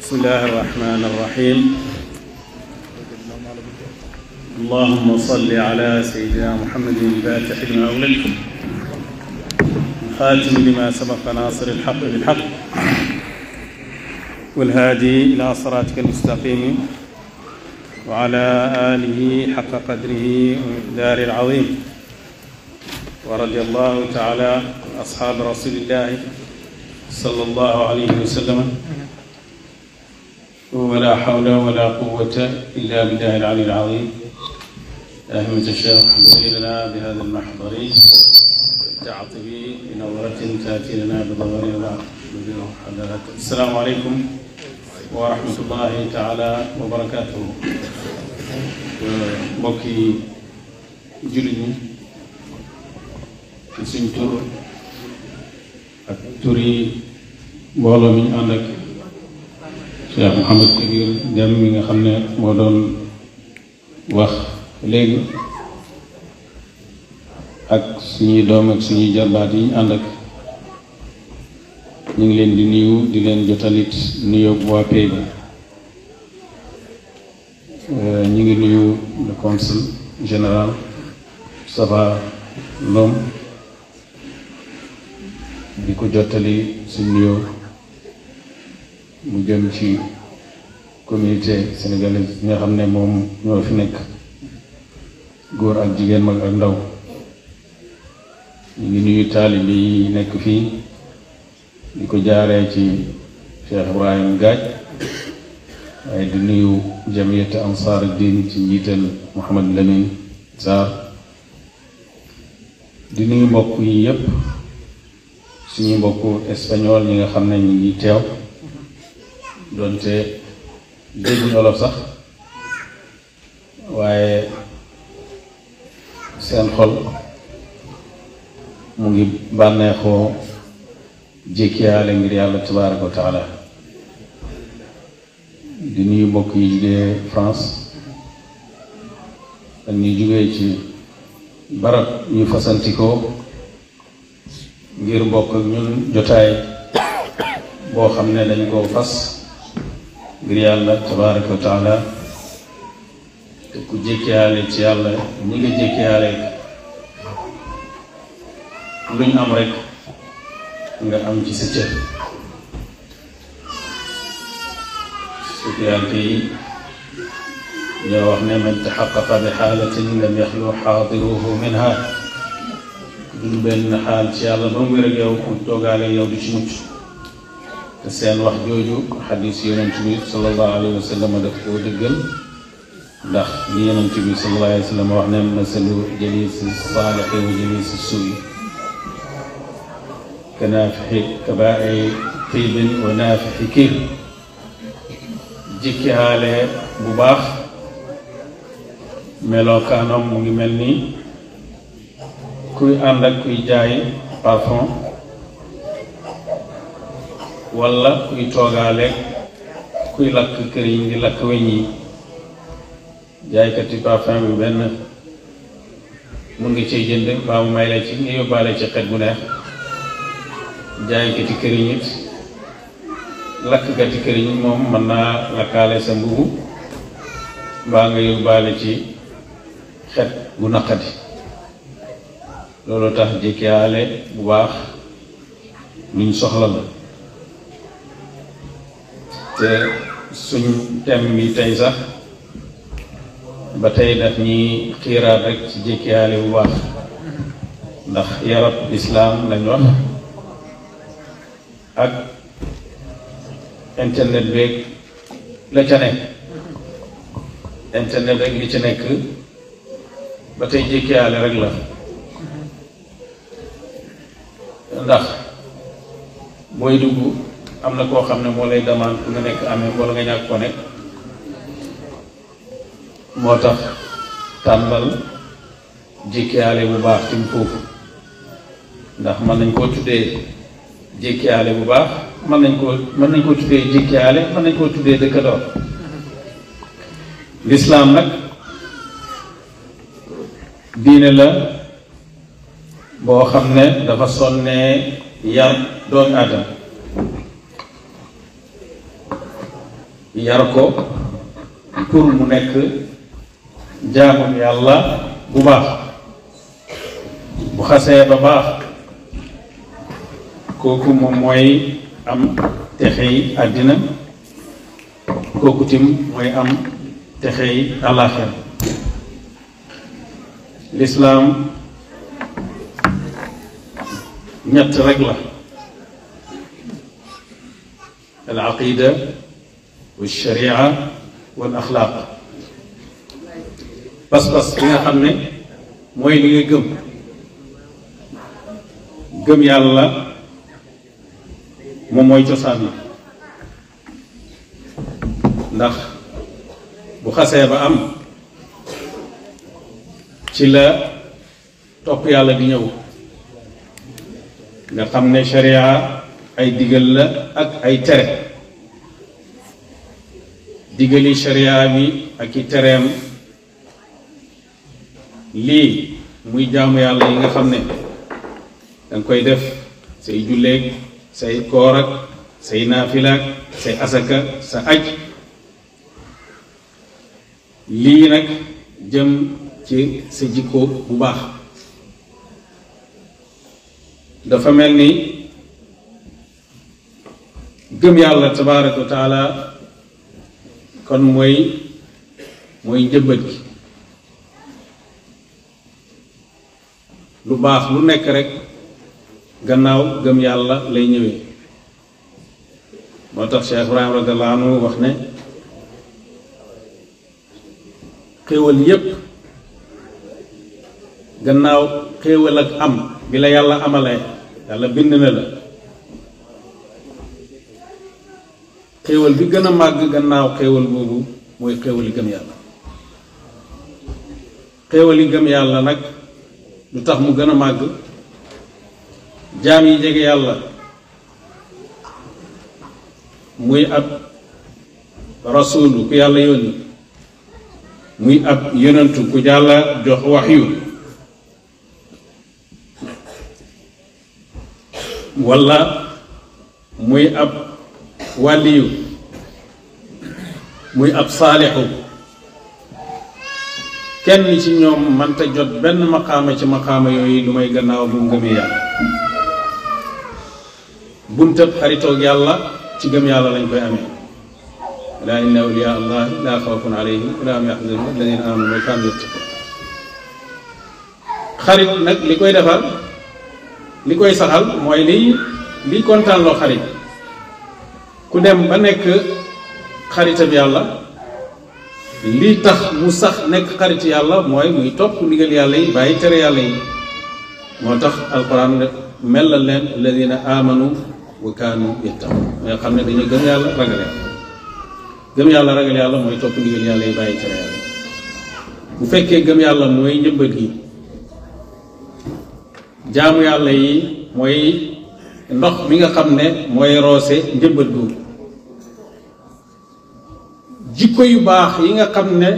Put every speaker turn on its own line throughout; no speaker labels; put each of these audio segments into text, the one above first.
بسم الله الرحمن الرحيم اللهم صل على سيدنا محمد الفاتح لما أغلق الخاتم لما سبق ناصر الحق بالحق والهادي إلى صراطك المستقيم وعلى آله حق قدره ومقداره العظيم ورضي الله تعالى أصحاب رسول الله صلى الله عليه وسلم ولا حول ولا قوة إلا بالله العلي العظيم أهمة الشيخ لنا بهذا المحضر تعطي بنظرة تأتي لنا بظهر السلام عليكم ورحمة الله تعالى وبركاته mbokki جلني في سنتور ak turi mbooloo mi ñu ànd ak Cheikh Mouhamad Kabir Dem mi nga xam ne moo doon wax léegi ak suñuy doom ak suñuy jarbaat yi ñu ànd ak ñu ngi leen di nuyu di leen jotalit nuyoo bu waa pay euh, ñu ngi nuyu le consul général Moustapha Lom di ko jottali suñ nuyoo mu jëm ci communité sénégalaise bi nga xam ne moom ñoo fi nekk góor ak jigéen mag ak ndaw ñu ngi nuyu taalibe yi nekk fii di ko jaaree ci Cheikh Ibrahim Gaaj waaye di nuyu jamiyatu ansaar diin ci njiital Mouhamad Lamine Sarr di nuyu mbokk yi yépp suñu mbokku espagnol yi nga xam ne ñu ngi teew doonte dégguñu wolof sax waaye seen xol mu ngi bànneexoo jékkiyaale ngir yàlla tabaaraka wa taala di nuyu mbokk yi jugee France ak ñu jugee ci barab ñu fasantikoo ngir bokk ak ñun jotaay boo xam ne dañ koo fas ngir yàlla tabaraka wa taala te ku jékkiyaale ci yàlla ñi nga jékkiyaale luñ am rek nga am ci sa cër suuti yàlla yi ñoo wax ne man taxaqaqa bi xaalatin lam yaxlu xaadiruhu minha dund benn xaal ci yàlla ba mu wér ak yow di ci mucc te seen wax jooju xadis yonent bi sallallahu alayhi wa sallam daf koo dëggal ndax li yonent bi sallallahu alayhi wa sallam wax neen masalu jalisi saalihi wa jalisi suuyi ka naafixi kabaai jikki xaale bu baax melookaanam mu mel nii kuy ànd ak kuy jaay parfum walla kuy toogaaleeg kuy lakk kër yi di weñ yi jaaykati parfum bi benn mun ngi cee jënd mbaa mu ci nga yóbbaale ci xet bu neex jaaykati këriñ it lakkati këriñ moom mën naa lakkaale sa mbubu mbaa nga yóbbaale ci xet bu naqadi loolu tax jikkaale bu baax luñ soxla la te suñ thème bi tey sax ba tey daf ñuy xiiraat rek ci jikkaale bu baax ndax yarab islaam lañ wax ak internet beeg la ca nekk internet rek li ci nekk ba tey jikkaale rek la ndax mooy dugg am na koo xam ne moo lay demande nga nekk amee wala nga ñàkk ko nekk moo tax tànbal tàmbal jékkiyaale bu baax tim foofu ndax mën nañ koo tuddee jékkiyaale bu baax mën nañ koo mën nañ koo tuddee jékkiyaale mën nañ koo tuddee dëkkandoor lislaam nag diine la boo xam ne dafa sonnee yar doomi aadama yar ko pour mu nekk jaamam yàlla bu baax bu xasee ba baax kooku moom mooy am texey àddina kooku tim mooy am texey àllaaxira lislaam نيت رجله العقيدة والشريعة والأخلاق بس بس يا خمي موين يقم قم يا الله مو موي تصاني ndax bu xasee ba am ci la topp yàlla di ñëw nga xam ne sharia ay digal la ak ay tere digali sharia bi ak i tereem lii muy jaamu yàlla yi nga xam ne danga koy def say julleeg say koor ak say naafilaak say asaka sa aj lii nag jëm ci sa jikko bu baax dafa mel ni gëm yàlla tabaaraka wa kon mooy mooy njëbbat gi lu baax lu nekk rek gannaaw gëm yàlla lay ñëwee moo tax Cheikh Ibrahim radiyallahu wax ne xéwal yépp gannaaw xéewal ak am bi la yàlla amalee yàlla bind na la xéewal bi gën a màgg gannaaw xéewal boobu mooy xéewal yi gëm yàlla xéewal yi gëm yàlla nag lu tax mu gën a màgg jaam yi jege yàlla muy ab rasulu ku yàlla yónni muy ab yonentu ku yàlla jox wax yu walla muy ab wàlliyu muy ab saalixu kenn ci ñoom mënta jot benn maqaama ci maqaama yooyu lu may gannaaw bu ngëmee yàlla buntab xaritoog yàlla ci gëm yàlla lañ koy amee laa inna awliyaa allah laa xawfun alayhim wa laa hum yaxzanuun alladina amanu wa kaanu yattaqun xarit nag li koy defar li koy saxal mooy liy liy kontaanloo xarit ku dem ba nekk xaritab yàlla lii tax mu sax nekk xarit yàlla mooy muy topp ndigal yàlla yi bàyyi tere yàlla yi moo tax mel melal leen alladina amanu wa kaanu yattaqun nga xam ne dañuy gëm yàlla ragal yàlla gëm yàlla ragal yàlla mooy topp ndigal yàlla yi bàyyi tere yàlla bu fekkee gëm yàlla mooy njëmbat gi jaamu yalla yi moy ndox mi nga xamne moy rosé roose njëmbat jikko yu bax yi nga xamne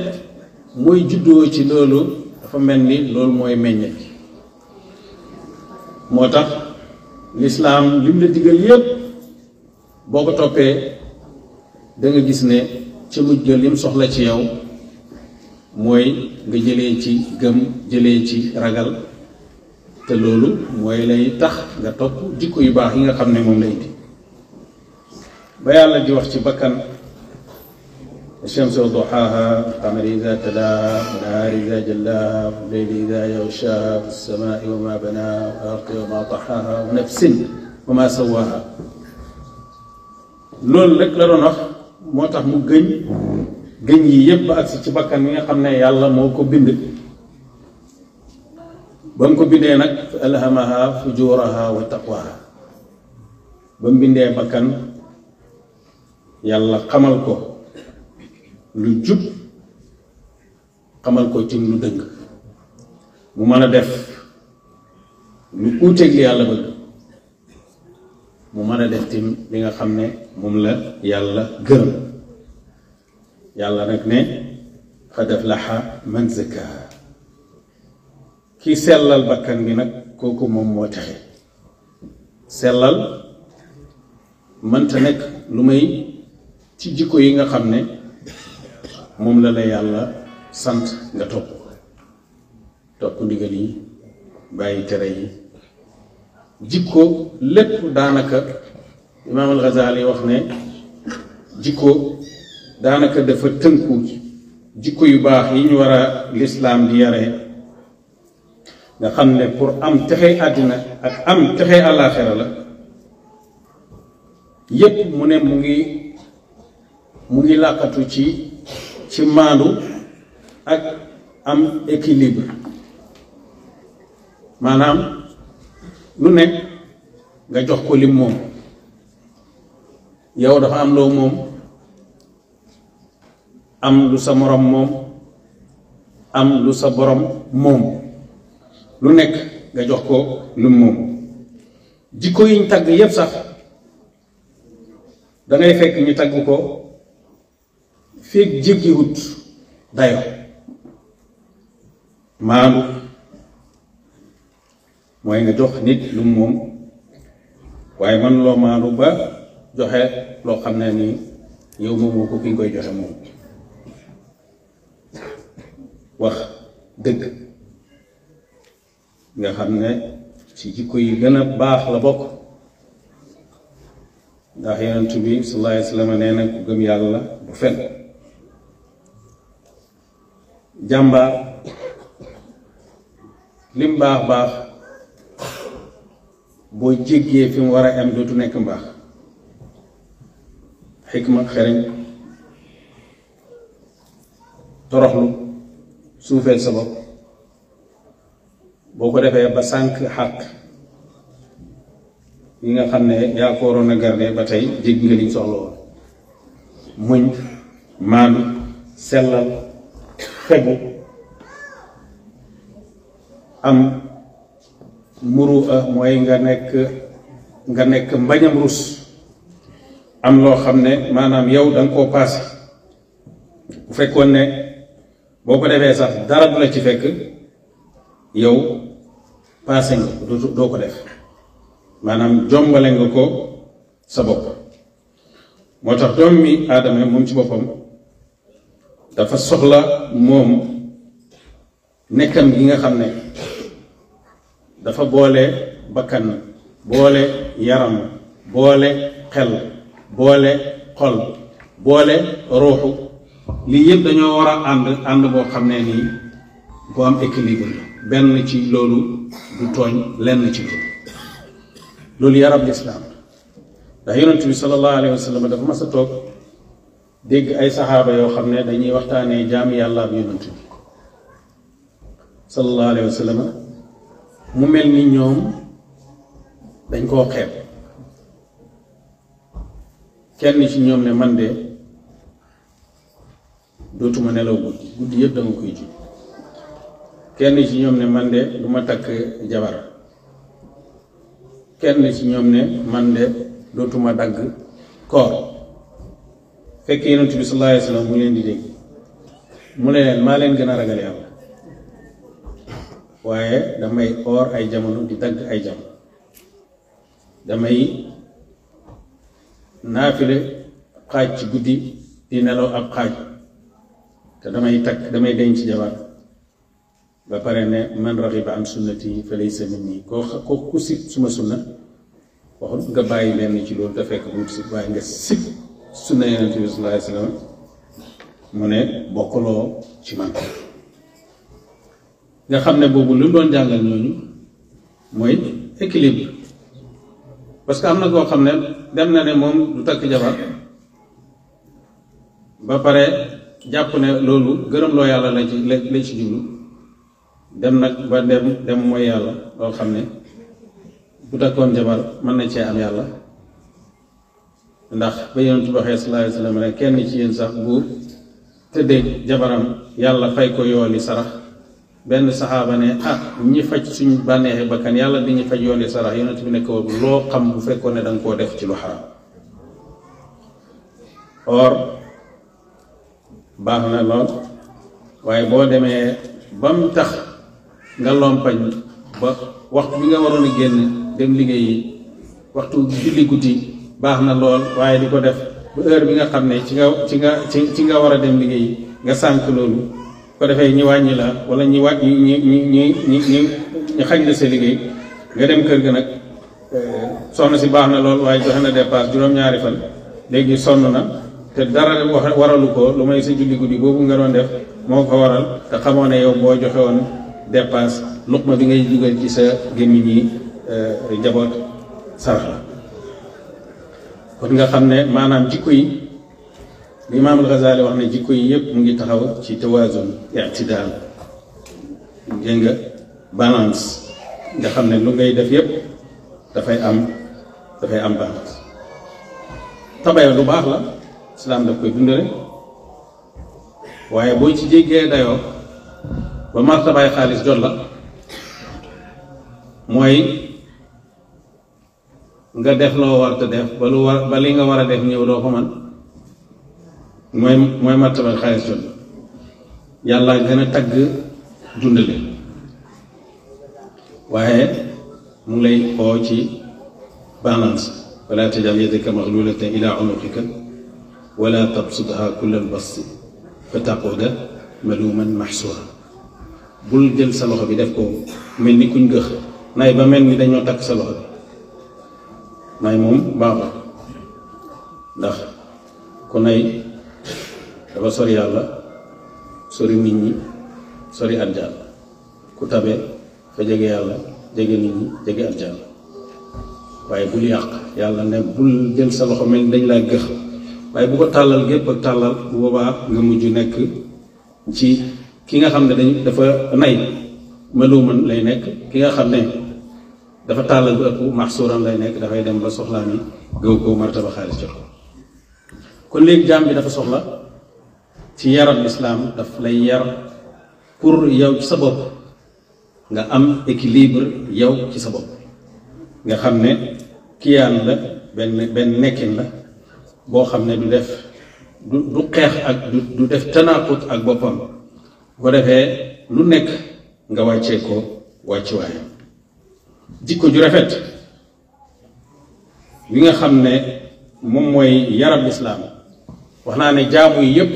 moy juddo ci lolu dafa melni lolu moy mooy motax l'islam lim la diggal yeb boko topé da nga gis ne ci mu jël lim soxla ci yow moy nga jëlé ci gëm jëlé ci ragal te lolu moy lay tax nga top jikko yu bax yi nga xamne mom lay di ba yalla di wax ci bakkan الشمس وضحاها القمر إذا تلاها والنهار إذا جلاها والليل إذا يغشاها والسماء وما بناها والأرض وما طحاها ونفس وما سواها لول لك لرون وخ موتاخ مو غن اكسي سي بكان ميغا خامني موكو بيند ba mu ko bindee nag fa alhamaha fujuraha wa taqwaha ba mu bindee bakkan yàlla xamal ko lu jub xamal ko tim lu dëng mu mën a def lu uuteeg li yàlla bëgg mu mën a def tim li nga xam ne moom la yàlla gërëm yàlla nag ne qad aflaha man zakkaha ki selal bakkan bi nak koku mom mo taxé selal man ta nek lumay ci jikko yi nga xamné mom la la yalla sante nga top top ndigal yi bayyi téré yi jikko lepp danaka imam al-ghazali wax né jikko danaka dafa teunkou jikko yu bax yi ñu wara l'islam di yaré nga xam ne pour am texey àddina ak am texey àllaaxira la yépp mu ne mu ngi mu ngi làqatu ci ci maandu ak am équilibre maanaam lu ne nga jox ko lim moom yow dafa am loo moom am lu sa morom moom am lu sa borom moom lu nekk nga jox ko lu moom jikko yiñ tagg yépp sax dangay fekk ñu tagg ko fekk jéggiwut dayo maanu mooy nga jox nit lu moom waaye man loo maanu ba joxe loo xam ne ni yow moomu ko ki nga koy joxe moom wax dëgg nga xam ne ci jikko yi gën a baax la bokk ndax yonent bi sallallahu alayhi wa sallam nee na ku gëm yàlla du fen jàmbaar lim baax baax boo jéggee fi mu war a am dootu nekk mbaax xikma xereñ toroxlu suufeel sa bopp boko defé ba sank hak yi nga xamné ne ko rona garder ba tay dig nga li soxla muñ man selal xebu am muru ah, moy nga nek nga nek mbagnam rus am loh xam ne yow dang ko passé fekkone boko defé ne sax dara la ci fekk yow passé nga dootu doo ko def maanaam jombale nga ko sa bopp moo tax doom mi aadama moom ci boppam dafa soxla moom nekkam gi nga xam ne dafa boole bakkan boole yaram boole xel boole xol boole ruuxu lii yëpp dañoo war a ànd ànd boo xam ne nii bu am équilibre la benn ci loolu du tooñ lenn ci loolu loolu yarab lislaam ndax yonent bi sallallahu alayhi wa sallam dafa mas a toog dégg ay saxaaba yoo xam ne dañuy waxtaanee jaami yàlla ak yonent bi sallallahu mu mel ni ñoom dañ koo xeeb kenn ci ñoom ne man de dootuma nelaw guddi guddi yëpp dama koy ji kenn ci ñoom ne man de du ma takk jabar kenn ci ñoom ne man de dootuma dagg koor fekk yonent bi sallallahu alayhi wa sallam leen di dégg mu ne leen maa leen gën a ragal yàlla waaye damay oor ay jamono di dagg ay jamono damay naafile xaaj ci guddi di nelaw ab xaaj te damay takk damay denc jabar ba pare ne man ba am sunnati fa laysa minni koo koo ku sib suma sunna waxul nga bàyyi leen ci loolu te fekk bu sib waaye nga sib sunna yonente bi sallallahu alayhi wa sallam mu ne bokkaloo ci nga xam ne boobu lu doon jàngal ñooñu mooy équilibre parce que am na koo xam ne dem na ne moom du takk jabar ba pare jàpp ne loolu gërëm loo yàlla la ci la ci jublu dem nag ba dem dem mooy yàlla loo xam ne bu takkoon jabar mën na cee am yàlla ndax ba yonent bi waxee sallallahu alayhi wa kenn ci yéen sax bu tëddee jabaram yàlla fay ko yooli sarax benn saxaaba ne ah ñi faj suñ bànneexee bakkan yàlla di ñu faj yooli sarax yonent bi ne ko loo xam bu fekkoon ne danga koo def ci lu xaraam or baax na lool waaye boo demee ba tax nga lompañ ba waxtu bi nga waroon a génn dem liggéey yi waxtu julli guddi baax na lool waaye di ko def ba heure bi nga xam ne ci nga ci nga ci ci nga war a dem liggéey yi nga sànk loolu ko defee ñi wàññi la wala ñi wàññi ñi ñi ñi ñi ñu xañ la sa liggéey nga dem kër ga nag euh, soxna si baax na lool waaye joxe na dépasse juróom-ñaari fan léegi sonn na te dara wax waralu ko lu may sa julli guddi boobu nga doon def moo ko waral te xamoo ne yow boo joxe woon dépasse luqma bi ngay dugal ci sa gémmiñ yi euh, njaboot sarax la kon nga xam ne maanaam jikko yi li Imaam al-Ghazali wax ne jikko yi yëpp mu ngi taxaw ci tawaazun i'tidaal dégg nga balance nga xam ne lu ngay def yëpp dafay am dafay am balance tabaya lu baax la islaam daf koy dundale waaye boo ci jéggee dayoo ba martabaay xaalis jot la mooy nga def lo war ta def ba lu war ba li nga wara def ñëw do ko man moy mooy martabaay xaalis jot yàlla gëna a tagg dundale waaye mu ngi lay ko ci balance wala tajal yadaka maxlulatan ila unuqika wala tabsutha kullal basti fa taquda maluman maxsuura bul jël sa loxo bi def ko mel ni kuñ gëx nay ba mel ni dañoo takk sa loxo bi nay moom baaxul ndax ku nay dafa sori yàlla sori nit ñi sori àjjana ku tabe fa jege yàlla jege nit ñi jege àjjana waaye bul yàq yàlla ne bul jël sa loxo mel ni dañ laa gëx waaye bu ko tàllal gépp ak tàllal bu boobaa nga mujj nekk ci ki nga xam ne dañ dafa nay maluuman lay nekk ki nga xam ne dafa tàllal bu ëpp maxsuuran lay nekk dafay dem ba soxlaa mi gëw koo martaba xaalis jot ko kon léegi jaam bi dafa soxla ci yaram islaam daf lay yar pour yow ci sa bopp nga am équilibre yow ci sa bopp nga xam ne kiyaan la benn benn nekkin la boo xam ne du def du du xeex ak du def tanaakut ak boppam bu defee lu nekk nga wàccee ko wàccuwaayam jikko ju rafet li nga xam ne moom mooy yaram lislaam wax naa ne jaamu yi yépp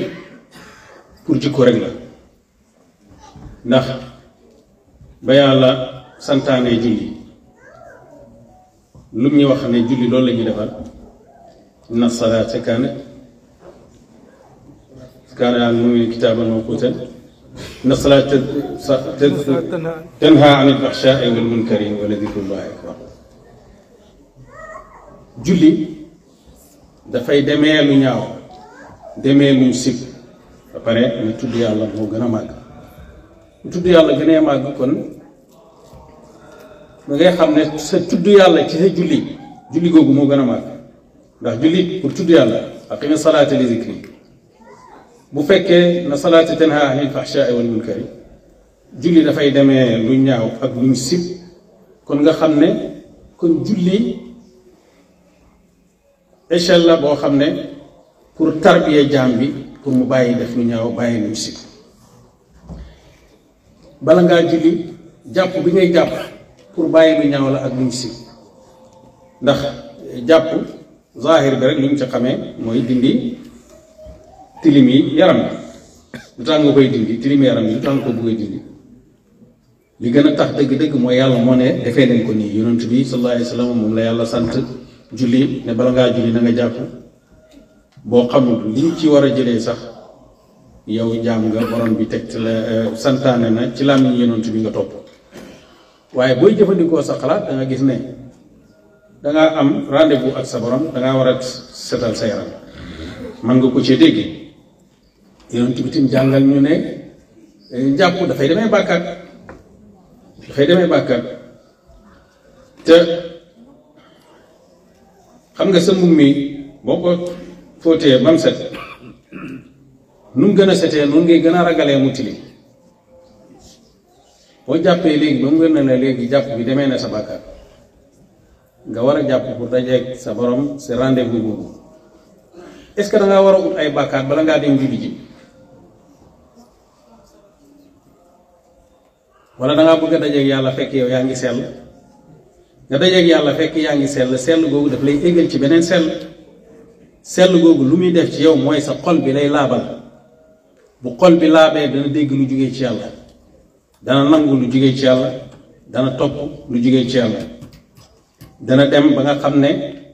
pour jikko rek la ndax ba yàlla santaane julli lu ñuy wax ne julli loolu la ñuy defal inna salaata kaanat kaanat alal mu'miniina kitaaban mawquutan inna salaata tanhaa ani l-fahshaa'i wal munkari wa lazikrullaahi akbar julli dafay demee lu ñaaw demee luñ sib ba pare ñu tudd yàlla moo gën a màgg ñu tudd yàlla gën a màgg kon da ngay xam ne sa tudd yàlla ci sa julli julli googu moo gën a màgg ndax julli pour tudd yàlla aqimi salaata li zikri bu fekkee na salaatu tanha anil fahshaai wal munkari julli dafay deme lu ñaaw ak luñ ñu kon nga xam ne kon julli échelle la boo xam ne pour tarbiya jaam bi pour mu bàyyi def lu ñaaw bàyyi lu ñu bala ngaa julli jàpp bi ngay jàpp pour bàyyi lu ñaaw la ak lu ñu ndax jàpp zaahir bi rek li ñu ci xamee mooy dindi tilimi yaram lu tax nga koy dindi tilimi yaram yi lu tax nga ko bëgg dindi li gëna tax dëgg-dëgg mooy yalla mo ne defee nañ ko ni yonent bi sallallahu alayhi wasallam mom la yalla sant julli ne bala nga julli na nga japp bo xamul li ci wara jëlé sax yow jam nga borom bi tek la euh, santane na ci làmmiñ yonent bi nga top waye boy jëfëndiko sa xalaat da nga gis ne da nga am rendez-vous ak sa borom da nga wara setal sa yaram man nga ko ci déggé yonent bi tim jàngal ñu ne eh, jàpp dafay demee bàkkaat dafay demee bàkkaat te xam nga sa mbubb mi boo ko fóotee bam set nu mu gën a setee noonu ngi gën a ragalee mu tilim boo jàppee léegi ba mu wér na ne léegi jàpp bi demee na sa bàkkaat nga war a jàpp pour dajeeg sa borom sa rendez-vous boobu est-ce que da war a ut ay bàkkaat bala ngaa dem julli wala da nga bëgg a ak yàlla fekk yow yaangi sel nga nga ak yàlla fekk yaangi sel sel sell googu daf lay égal ci benen sel sel googu lu muy def ci yow moy sa xol bi lay laabal bu xol bi laabee dana dégg lu jugee ci yàlla dana nangul lu jugee ci yàlla dana top lu jugee ci yàlla dana dem ba nga xamné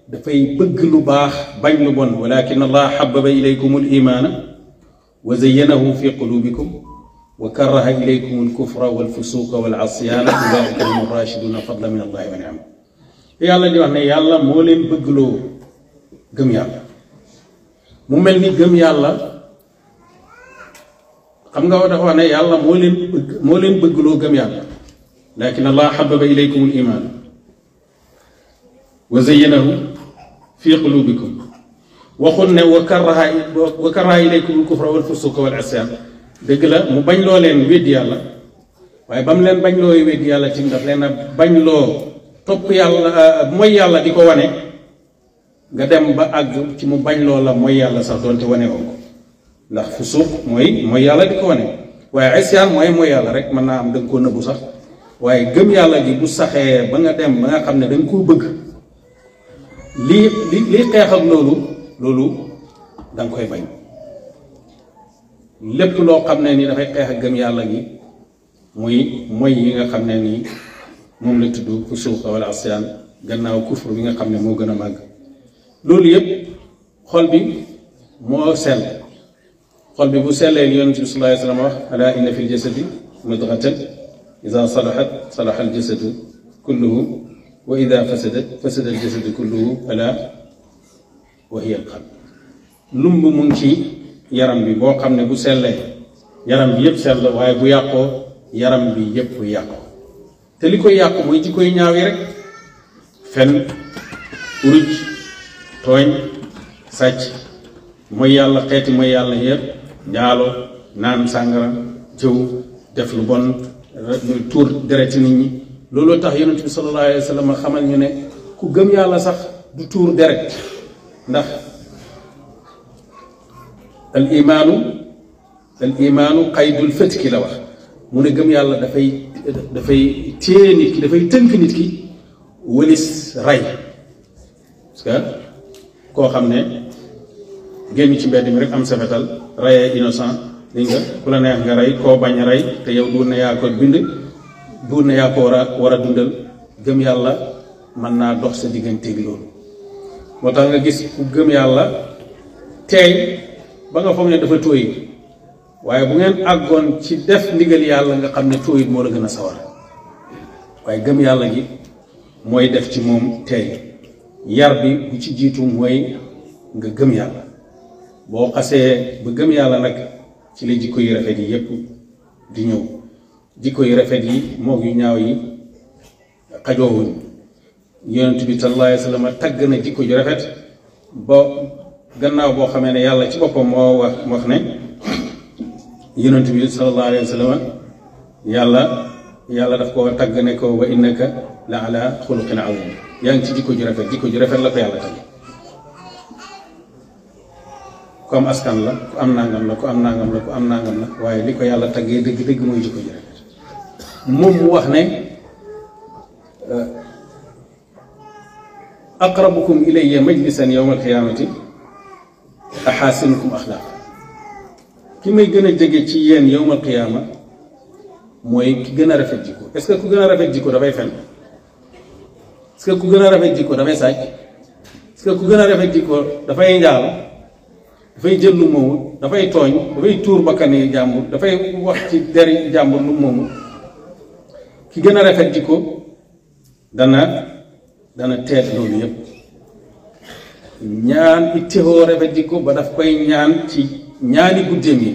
da fay bëgg lu baax bañ lu bon walakin allah habba ilaykumul iman wa zayyanahu fi qulubikum وكره إليكم الكفر والفسوق والعصيان أولئك هم الراشدون فضلا من الله ونعمة يا الله اللي وحنا يا الله مولين بقلو قم يا الله مملني قم يا الله قم قاعد وحنا يا الله مولين مولين بقلو قم يا الله لكن الله حبب إليكم الإيمان وزينه في قلوبكم وقلنا وكره وكره إليكم الكفر والفسوق والعصيان dëgg la mu bañ loo leen wéddi yàlla waaye ba mu leen bañ looy wéddi yàlla ci daf leen a bañ loo topp yàlla euh, mooy yàlla di ko wane nga dem ba àgg ci mu bañ loo la mooy yàlla sax doonte wane ko ndax fusuuq mooy mooy yàlla di ko wane waaye isyaan mooy mooy yàlla rek mën naa am da nga koo nëbbu sax waaye gëm yàlla gi bu saxee ba nga dem ba nga xam ne dañ koo bëgg lii li lii xeex loolu loolu da koy bañ lépp lo xamne ni da fay xex ak gëm yàlla gi muy moy yi nga xamne ni mom la tuddu ku fusuuq wal asyan gannaaw kufur bi nga xamne mo gëna mag a màgg loolu yëpp xol bi mo sel xol bi bu selé ni yunus sallallahu alayhi wasallam wax ala inna fil jasadi mudghatan idha salahat salaha al jasad kulluhu wa idha fasadat fasada al jasad kulluhu ala wa hiya al qalb lumbu mu ngi ci yaram bi boo xam ne bu sellee yaram bi yépp sell waaye bu yàqoo yaram bi yépp yàqoo te li koy yàq mooy ci koy ñaaw rek fen uruj tooñ sàcc mooy yàlla xeeti mooy yàlla yépp njaalo naan sàngara jëw def lu bon tuur dereti nit ñi looloo tax yonent bi sallallahu alayhi wa sallam xamal ñu ne ku gëm yàlla sax du tuur deret ndax al imaanu al imaanu qaydul fatki la wax mu ne gëm yàlla dafay dafay téye nit ki dafay tënk nit ki wëlis rey parce que koo xam ne génn ci mbedd mi rek am safetal reyee innocent li nga ku la neex nga rey koo bañ rey te yow duur na yaa ko bind duur na yaa ko war a war a dundal gëm yàlla mën naa dox sa digganteeg loolu moo tax nga gis ku gëm yàlla teey ba nga foog ne dafa tóoyit waaye bu ngeen àggoon ci def ndigal yàlla nga xam ne tóoyit moo la gën a sawar waaye gëm yàlla gi mooy def ci moom tey yar bi bu ci jiitu mooy nga gëm yàlla boo xasee ba gëm yàlla nag ci la jikko yu rafet yi yépp di ñëw jikko yu rafet yi moog yu ñaaw yi xajoowuñ yonent bi sallallahu alayhi wa sallam tagg na jikko ju rafet ba gannaaw boo xamee ne yàlla ci boppam moo wax wax ne yonent bi sallallahu alayhi wa sallam yàlla yàlla daf ko tagg ne ko wa innaka la ala xuluqin azim yaa ngi ci jikko ju rafet jikko ju rafet la ko yàlla tagg ku am askan la ku am nangam la ku am nangam la ku am nangam la waaye li ko yàlla taggee dëgg dëgg mooy jikko ju rafet moom mu wax ne أقربكم إلي مجلسا يوم القيامة axaasinukum axlaaq ki may gën a jege ci yéen yowmal qiyaama mooy ki gën a rafet jikko est-ce que ku gën a rafet jikko dafay fen est-ce que ku gën a rafet jikko dafay sàcc ku gën a rafet dafay njaalo dafay jël lu moomul dafay tooñ dafay tuur bakkani jàmbur dafay wax ci deri jàmbur lu moomul ki gën a rafet jikko dana dana teet loolu yépp ñaan ittewoo rafet jikko ba daf koy ñaan ci ñaani guddeem yi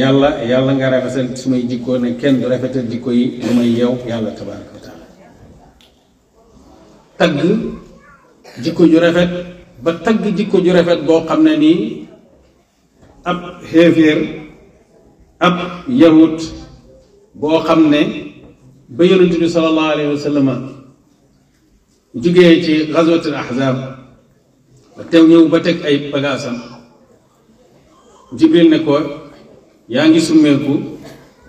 yàlla yàlla nga rafetal sumay jikkoo ne kenn du rafetal jikko yi lu may yow yàlla tabaaraka wa taala tagg jikko ju rafet ba tagg jikko ju rafet boo xam ne nii ab xéeféer ab yahut boo xam ne ba yonent bi sallallahu alayhi wa sallam jugee ci ghazwatul ahzab te ñëw ba teg ay pagaasam jibril ne ko yaa ngi summeeku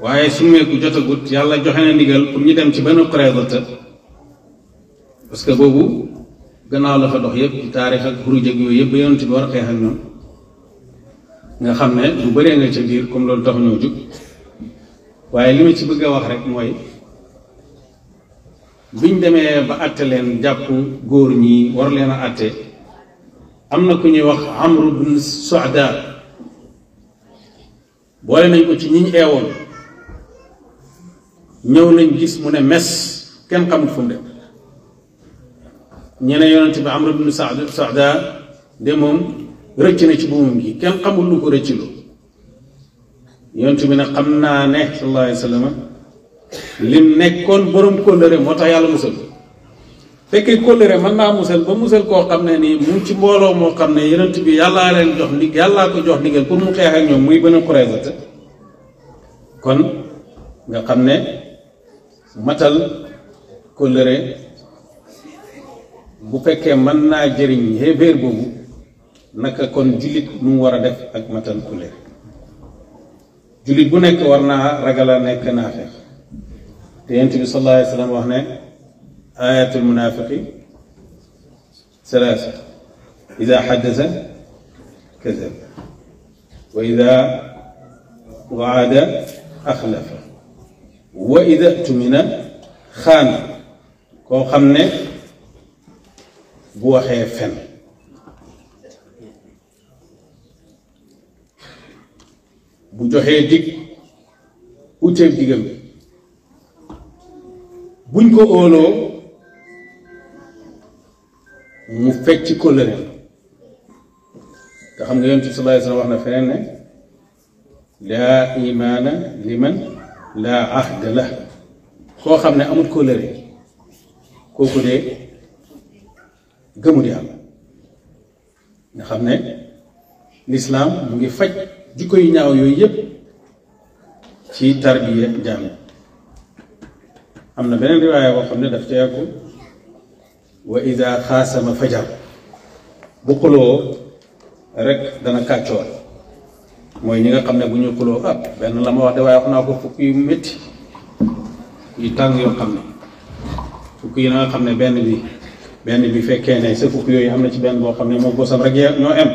waaye summeeku jotagut yàlla joxe na ndigal pour ñu dem ci benn Qurayza parce que boobu gannaaw la fa dox yëpp ci taarix ak xuruj yooyu yëpp ba ci bi war a xeex ak nga xam ne lu bëree nga ca biir comme loolu tax ñoo jug waaye li ma ci bëgg a wax rek mooy biñ demee ba àtte leen jàpp góor ñi war leen a àtte am na ku ñuy wax amru bn soada boole nañ ko ci ñi ñu eewoon ñëw nañ gis mu ne mes kenn xamul fu ñeneen yonent bi amru bn soada de moom rëcc na ci buumam gi kenn xamul lu ko rëcc lu yonent bi ne xam naa ne sallallahu alayhi lim nekkoon borom kóllëre moo tax yàlla musal ko fekkee kóllëre mën naa musal ba musal koo xam ne nii mu ci mbooloo moo xam ne yonent bi yàllaa leen jox ndi yàllaa ko jox ndigal pour mu xeex ak ñoom muy bën a Qurayza kon nga xam ne matal kóllëre bu fekkee mën naa jëriñ xéeféer boobu naka kon jullit nu mu war a def ak matal kóllëre jullit bu nekk war naa ragal a nekk naa feex تينتبي صلى الله عليه وسلم وهنا آية المنافقين ثلاثة إذا حدث كذب وإذا وعد أخلف وإذا اؤتمن خان كو خمنا بو فن بو جوخي ديك اوتيب ديغامي buñ ko óoloo mu fekk ci kóllëre la te xam nga yonent bi sallallahu alayhi wa sallam wax na feneen ne laa imaana liman laa ahda la koo xam ne amul kóllëre kooku de gëmul yàlla nga xam ne lislaam mu ngi faj jikko yu ñaaw yooyu yépp ci tarbiya jàmm am na beneen riwaaya boo xam ne daf ca yàgg wa ida xaasama fajar bu xuloo rek dana kàccoor mooy ñi nga xam ne bu ñu xuloo ah benn la ma wax de waaye wax naa ko fukk yu métti yu tàng yoo xam ne fukk yi na nga xam ne benn bi benn bi fekkee ne sa fukk yooyu am na ci benn boo xam ne moom bosam rek ñoo em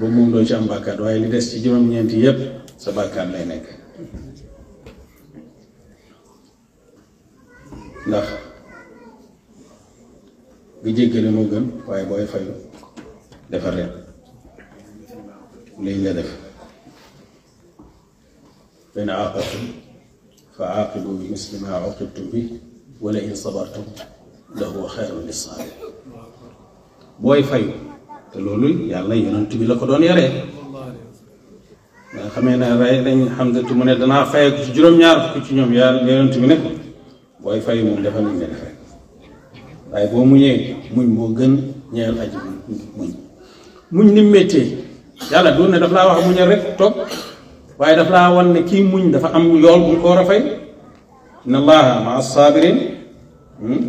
ba moom ci am bàkkaar waaye li des ci juróom-ñeenti yépp sa bàkkaar lay nekk ndax nga jéggale moo gën waaye booy fayu defar leen léegi la def benn aaqabtum fa aaqibu bi misli ma uqibtum bi wala in sabartum la huwa xayrun lissaabiriin booy fayu te loolu yàlla yonent bi la ko doon yaree nga xamee ne rey nañ xam ne mu ne danaa fayeeku ci juróom-ñaar fukki ci ñoom yaar yonent bi ne ko booy fay moom defal nañ leen fay waaye boo muñee muñ moo gën ñeel aji muñ muñ ni metti yàlla du ne daf laa wax muñal rek toog waaye daf laa wan ne kii muñ dafa am yool bu ko war a fay inna allaha maa sabirin hmm?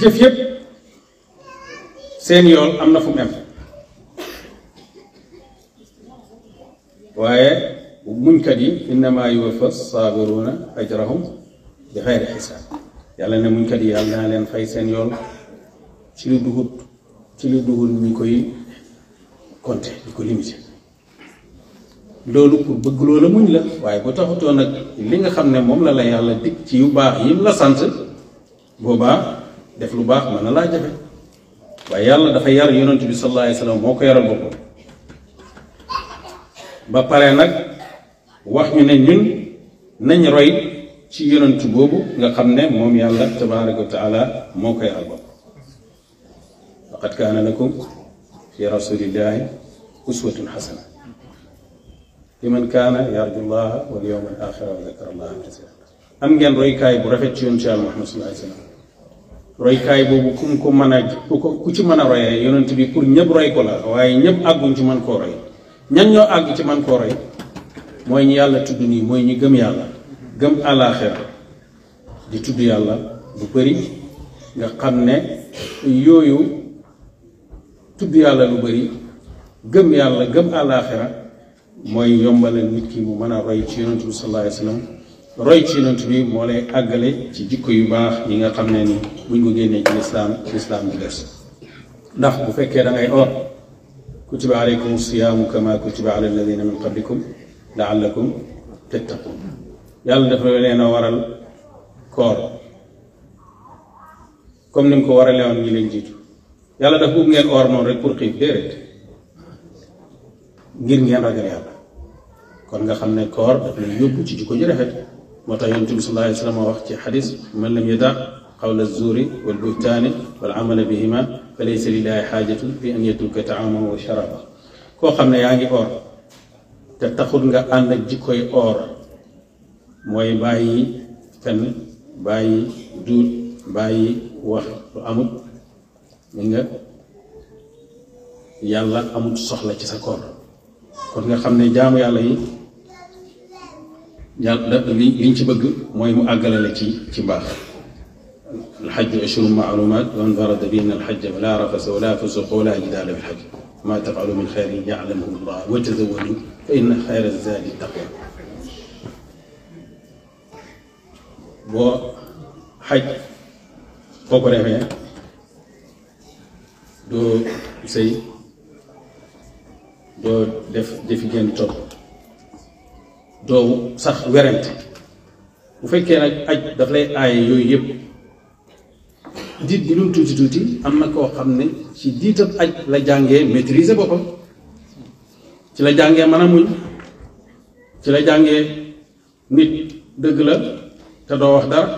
jëf yëpp seen yool am na fu mu waaye ومنكدين إنما يوفى الصابرون أجرهم بغير حساب يلا يعني منكدي يلا يعني لين فايسن يول تلو دهود تلو دهود ميكوي كنت ديكو ليميت لولو كو بغلو لا مون لا واي بو تاخوتو نك ليغا خامني موم لا لا يالا ديك تي يو باخ يم بوبا ديف لو باخ مانا لا واي يالا دا فا يار يونس بي صلى الله عليه وسلم wax ñu ne ñun nañ roy ci yonent boobu nga xam ne moom yàlla tabaraka wa taala moo koy al bopp kaana lakum fi rasulillahi uswatun xasana liman kaana yarju llaha wal yawma ngeen roykaay bu rafet ci yonent yàlla muhammad boobu ku ko mën a ku ci mën a royee yonent bi pour ñëpp roy ko la waaye ñëpp àgguñ ci man koo roy ñan àgg ci man koo roy mooy ñi yàlla tudd nii mooy ñi gëm yàlla gëm àllaaxira di tudd yàlla bu bari nga xam ne yooyu tudd yàlla lu bëri gëm yàlla gëm àllaaxira mooy yombalal nit ki mu mën a roy ci yonent bi sallallahu ci yonent moo lay àggale ci jikko yu baax yi nga xam ne ni buñ ko génnee ci lislaam lislaam bi des ndax bu fekkee da ngay or kutiba alaykum siyaamu kama kutiba ala alladina min qablikum laallakum tettaqun yàlla dafa leen a waral koor comme ni nga ko warale woon ñi leen jiitu yàlla dafa bëgg ngeen or noonu rek pour xiif déedéet ngir ngeen ragal yàlla kon nga xam ne koor daf lay yóbbu ci jikko ju rafet moo tax yonent bi sallallahu alayhi wa sallam wax ci xadis man lam yada qawla zuuri wal buhtaani wal amala bihima fa laysa lillahi xaajatun fi an yatruka taamahu wa sharaba koo xam ne yaa ngi or te taxul nga ànd ak jikkoy or moy bàyyi tan bàyyi duut bàyyi wax lu amut mi nga yàlla amut soxla ci sa koor kon nga xamne jaamu yàlla yi yàlla li liñ ci bëgg moy mu àggale ci ci baax الحج عشر معلومات وان فرد بين الحج فلا رفث ولا فسوق ولا جدال في الحج ما تفعلوا من خير يعلمه الله وتزودوا fa inna xayra xaj boo ko doo sëy doo def defi génn sax werante bu fekkee nag aj daf lay aaye yooyu yëpp diit bi lu tuuti tuuti am na koo xam ne ci diitam aj la jànge maîtriser boppam ci la jàngee mën a ci la jàngee nit dëgg la te doo wax dara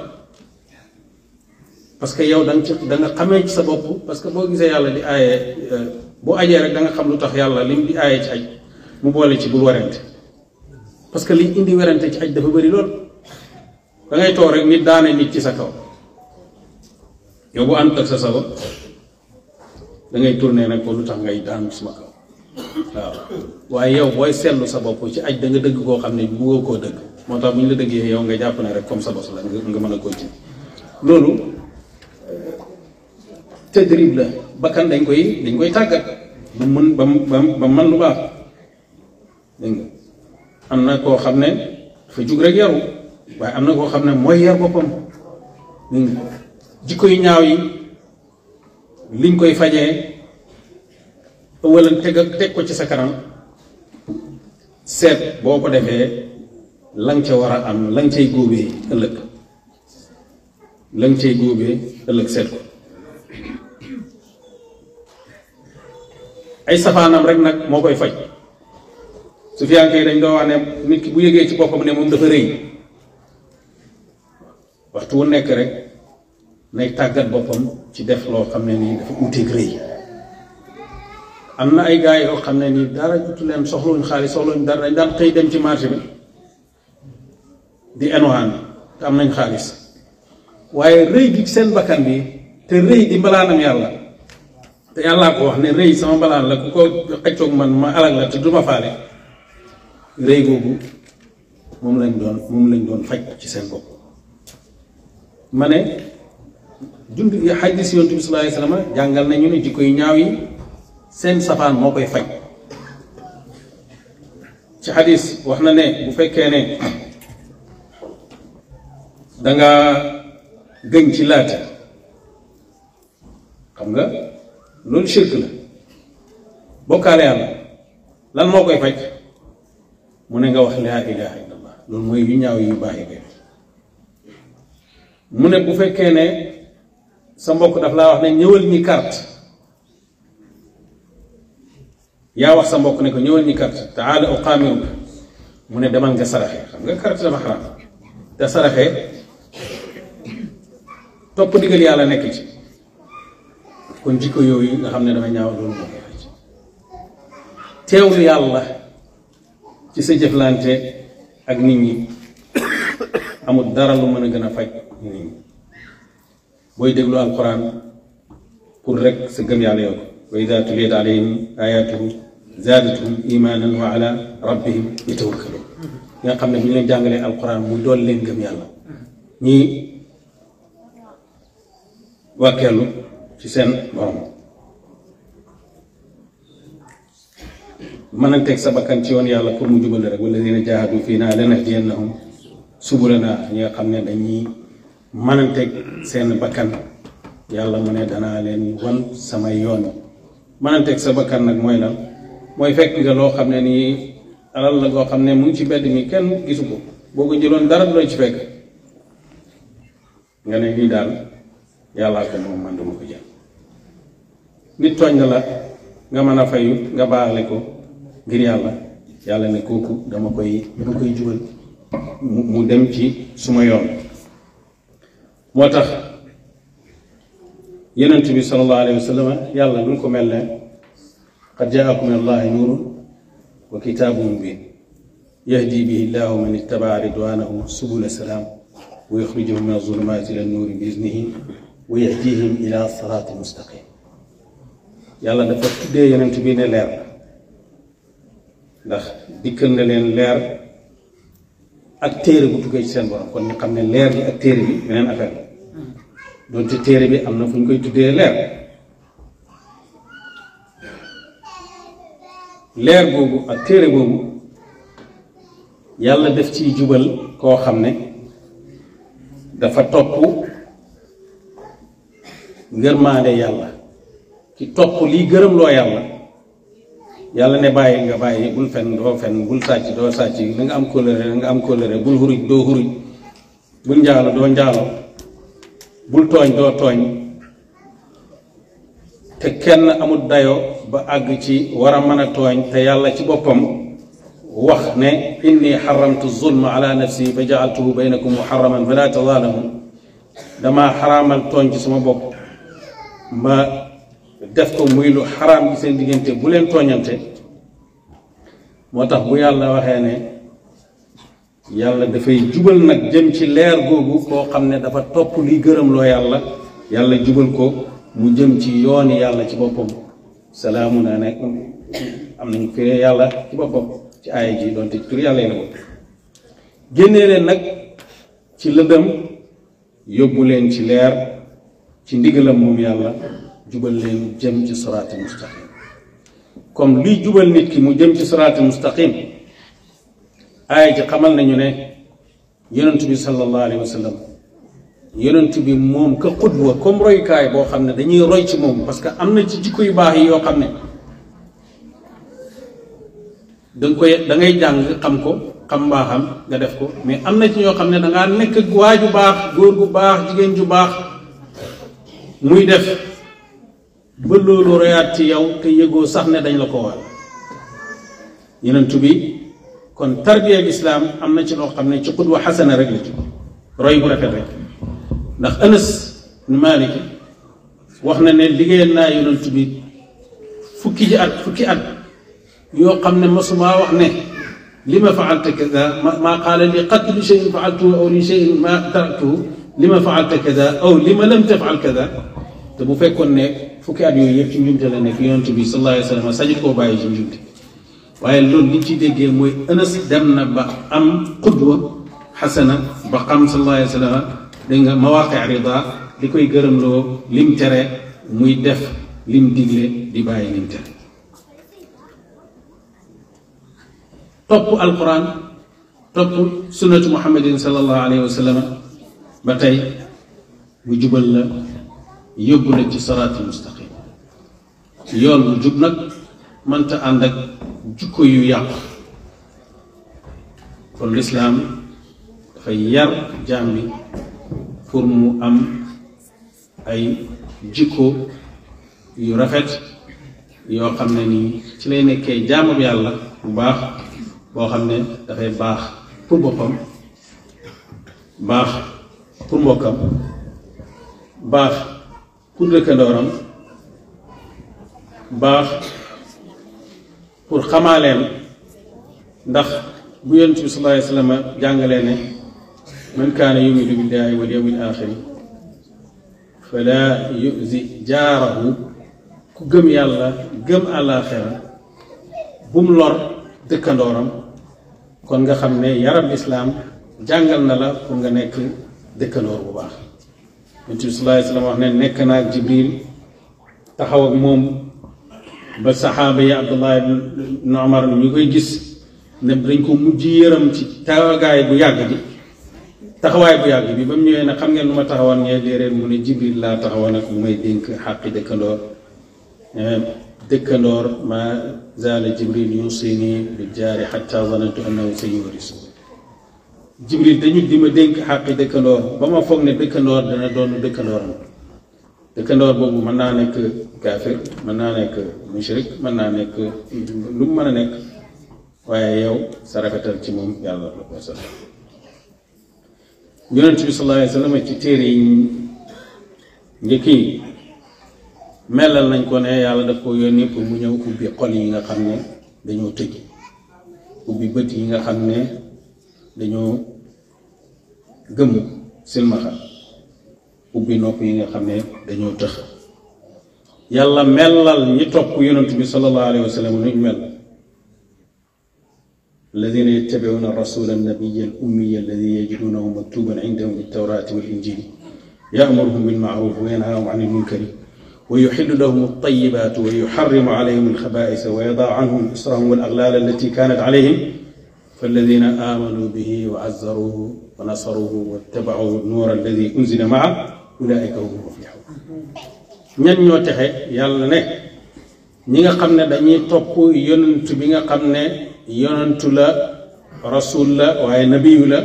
parce que yow da ci da nga xamee ci sa bopp parce que boo gisee yàlla di aaye eh, bo ajee rek da nga xam lu tax yàlla lim di aaye ci aj mu boole ci bul werante parce que li indi werante ci aj dafa bëri lool da ngay toog rek nit daane nit ci sa kaw yow bu ànd ak sa sabab da ngay tourner nag ko lu tax ngay daanu sama kaw waaw waaye yow booy seetlu sa bopp ci aj da dëgg koo xam ne bëggoo koo dëgg moo tax bu ñu la dëggee yow nga jàpp ne rek comme sa bos la nga mën a continuer loolu tëdrib la bakkan dañ koy dañ koy tàggat du mën ba ba na koo xam ne dafa jug rek yaru waaye am na koo xam ne mooy yar boppam dégg nga jikko yu ñaaw yi liñ koy faje wala teg ak teg ko ci sa kanam seet boo ko defee la nga ca war a am la nga cay góobee ëllëg la nga cay góobee ëllëg seet ko ay safaanam rek nag moo koy faj su fi yankee dañ doo wax ne nit ki bu yëgee ci boppam ne moom dafa rëy waxtu wu nekk rek nay tàggat boppam ci def loo xam ne nii dafa uuteeg am na ay gars yoo xam ne ni dara jotu leen soxlawuñ xaalis soxlawuñ dara dañ daan xëy dem ci marché bi di enwaan te am nañ xaalis waaye rëy gi seen bakkan bi te rëy di mbalaanam yàlla te yàllaa ko wax ne rëy sama mbalaan la ku ko xëccoog man ma alag la te du ma faale rëy googu moom lañ doon moom lañ doon faj ci seen bopp ma ne dund xadis yontu bi sallallahu alayhi wasallam jàngal nañu ne jikko ñaaw yi seen safaan moo koy faj ci xadis wax na ne bu fekkee ne danga gëñ ci laata xam nga loolu shirk la bokkaale yàlla lan moo koy faj mu ne nga wax laa ilaha illallah loolu mooy yu ñaaw yu baax yi mu ne bu fekkee ne sa mbokk daf laa wax ne ñëwal ñi carte ya wax sa mbok ne ko ñëwal ñi carte taala uqamiru mu ne demal nga saraxé xam nga carte dafa xaraam da saraxé top digal yalla nek ci kon jiko yoy nga xamne dama ñaaw doon ko koy yalla ci sa jeflanté ak nit ñi amu dara lu mëna gëna fajj nit ñi boy deglu alquran pour rek sa gëm yalla yow wa idha tuliyat alayhim ayatuhu zaadathum imaanan wa ala rabbihim yatawakkaluun nga xam ne bu ñu leen jàngalee alquran mu dool leen gëm yàlla ñii wàkkeelu ci seen borom mën teg sa bakkan ci yoon yàlla pour mu jubal jubale rek wallaziina jaahadu fiinaa lanahdiyannahum subulanaa ñi nga xam ne dañuy mën teg seen bakkan yàlla mu ne danaa leen wan sama yoon mën teg sa bakkan nag mooy lan mooy fekk nga loo xam ne nii alal la goo xam ne mu ngi ci mbedd mi kenn gisu ko boo ko jëloon dara du la ci fekk nga ne lii daal yàllaa ko moom man duma ko jël nit tooñ la nga mën a fayu nga baale ko ngir yàlla yàlla ne kooku dama koy dama koy jubal mu dem ci suma yoon moo tax yenent bi sallallahu alayhi wa sallam yàlla lu ko mel ne قد جاءكم من الله نور وكتاب مبين يهدي به الله من اتبع رضوانه سبل السلام ويخرجهم من الظلمات إلى النور بإذنه ويهديهم إلى الصراط المستقيم yàlla dafa tuddee yonent bi ne leer la ndax dikkal na leen leer ak téere bu tukkee ci seen borom kon ñu xam ne leer bi ak téere bi beneen affaire la doonte téere bi am na fu ñu koy tuddee leer leer boobu ak téere boobu yàlla def ciy jubal koo xam ne dafa topp ngërmaande yàlla ci topp lii gërëm loo yàlla yàlla ne bàyyi nga bàyyi bul fen doo fen bul sàcc doo sàcc na am kóllëre na nga am kóllëre bul xuruj doo xuruj bul njaalo doo njaalo bul tooñ doo tooñ te kenn amul dayoo ba àgg ci war a mën te yàlla ci boppam wax ne inni xaramtu zulma ala nafsi fa bainakum baynakum muharraman fala tazaalamu damaa xaraamal tooñ ci sama bopp ma def ko muy lu xaraam ci seen diggante bu leen tooñante moo bu yàlla waxee ne yàlla dafay jubal nag jëm ci leer googu koo xam dafa topp luy gërëm loo yàlla yàlla jubal ko mu jëm ci yooni yàlla ci boppam salaamu naa na am nañu firee yàlla ci boppam ci aaya ji doonte ci tur yàlla yi la bopp génnee leen nag ci lëndëm yóbbu leen ci leer ci ndigalam moom yàlla jubal leen jëm ci siraati mustaqim comme luy jubal nit ki mu jëm ci siraati mustaqim aaya xamal nañu ne yonent bi sallallahu alayhi wa yonent bi moom ka xudwa comme roykaay boo xam ne dañuy roy ci moom parce que am na ci jikko yu baax yi yoo xam ne danga koy da ngay jàng xam ko xam mbaaxam nga def ko mais am na ci ñoo xam ne dangaa nekk waa ju baax góor gu baax jigéen ju baax muy def ba loolu ci yow te yëgoo sax ne dañ la ko war yonent bi kon tarbiya islaam am na ci loo xam ne ci xudwa xasana rek la roy bu rafet rek ndax Anas ibn Malik wax na ne liggéeyal naa yonent bi fukki ji at fukki at yoo xam ne masumaa wax ne li ma faalta kada maa qaala li qat li cheyin faaltuhu aw li cheyin ma taraktuhu li ma faalta kada aw li ma lam tafaal kada te bu fekkoon ne fukki at yooyu yëpp ci njumte la nekk yonent bi sallallahu alayhi wa sallam sañu koo bàyyi ci njumte waaye loolu liñ ci déggee mooy Anas dem na ba am qudwa xasana ba xam sallallahu alayhi wa sallam dégg nga mawaqi rida li koy gërëmloo lim tere muy def lim digle di bàyyi lim tere topp alquran topp sunnatu muhammadin sallallahu alayhi wa ba tey mu jubal la yóbbu la ci saraatul mustaqim yoon bu jub nag mënta ànd ak jukko yu yàqu kon lislaam dafay yar jaam bi pour mu am ay jikko yu rafet yoo xam ne nii ci lay nekkee jaamam yàlla bu baax boo xam ne dafay baax pour boppam baax pour mbokkam baax pour dëkkandooram baax pour xamaaleem ndax bu yonent bi sallallahu alayhi wa sallam jàngalee ne man kaana yuminu billahi wal yawmil axiri fala yuzi jaarahu ku gëm yàlla gëm àllaaxira bu mu lor dëkkandooram kon nga xam ne yaram islaam jàngal na la pour nga nekk dëkkandoor bu baax yonent bi wax ne nekk naa ak jibril taxaw ak moom ba saxaaba yi abdullah ibn umar ñu koy gis ne dañ ko mujj yëram ci taagaay bu yàgg bi taxawaay bu yàgg bi ba mu ñëwee nag xam ngeen lu ma taxawoon ñee déeréen mu ne jibril laa taxawoon ak mu may dénk xàqi dëkkandoor dëkkandoor maa zaala jibril yusini bi jaari xatta zanantu annahu sayuwaris jibril di ma dénk xàqi dëkkandoor ba ma foog ne dëkkandoor dana doon dëkkandoor ma dëkkandoor boobu mën naa nekk kaafir mën naa nekk mushrik mën naa nekk lu mu mën a nekk waaye yow sa ci moom yàlla la ko yonent bi sallallahu alayhi wa ci téere yi njëkk yi melal nañ ko ne yàlla daf ko yónni pour mu ñëw ubbi xol yi nga xam ne dañoo tëj ubbi bët yi nga xam ne dañoo gëmm silmaxa ubbi nokk yi nga xam ne dañoo tëx yàlla melal ñi topp yonent bi sallallahu alayhi wa sallam nuñ mel الذين يتبعون الرسول النبي الأمي الذي يجدونه مكتوبا عندهم في التوراة والإنجيل يأمرهم بالمعروف وينهاهم عن المنكر ويحل لهم الطيبات ويحرم عليهم الخبائث ويضع عنهم إصرهم والأغلال التي كانت عليهم فالذين آمنوا به وعزروه ونصروه واتبعوا النور الذي أنزل معه أولئك هم المفلحون من ñoo texe yàlla قمنا بني nga xam ne yonantu la rasul la waaye nabiyu la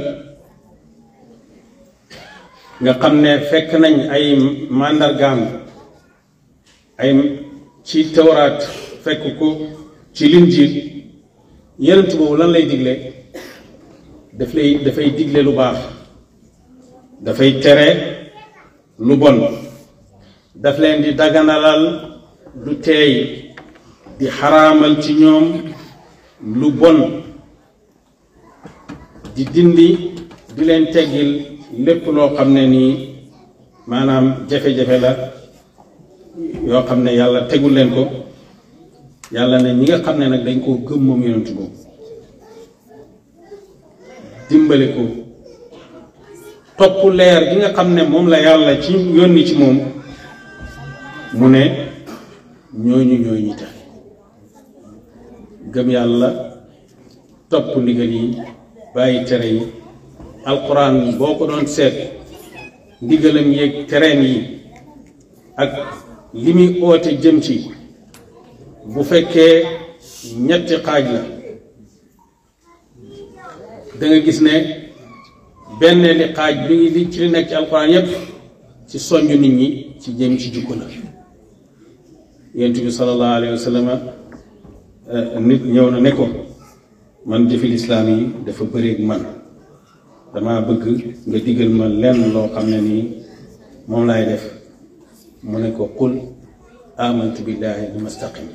nga xam ne fekk nañ ay màndargaam ay ci tawraat fekk ko ci linjiil yonent boobu lan lay digle daf lay dafay digle lu baax dafay tere lu bon daf leen di daganalal lu teey di xaramal ci ñoom lu bon di dindi di leen teggil lépp loo xam ne nii maanaam jafe-jafe la yoo xam ne yàlla tegul leen ko yàlla ne ñi nga xam ne nag dañ koo gëm moom yonentu ko dimbale ko topp leer gi nga xam ne moom la yàlla ci yónni ci moom mu ne ñooñu ñooñu tax gëm yàlla topp ndigal yi bàyyi tere yi alquran boo ko doon seet ndigalam yeeg tereen yi ak li muy oote jëm ci bu fekkee ñetti xaaj la danga gis ne benn li xaaj bi li ci li nekk ci alquran yépp ci soññ nit ñi ci jëm ci jukko la yonent bi sallallahu alayhi wa Eh, nit ñëw na ne ko man jëfi lislaam yi dafa bëreeg man dama bëgg nga digal ma lenn loo xam ne nii moom laay def mu ne ko qul amantu billahi bi mastaqim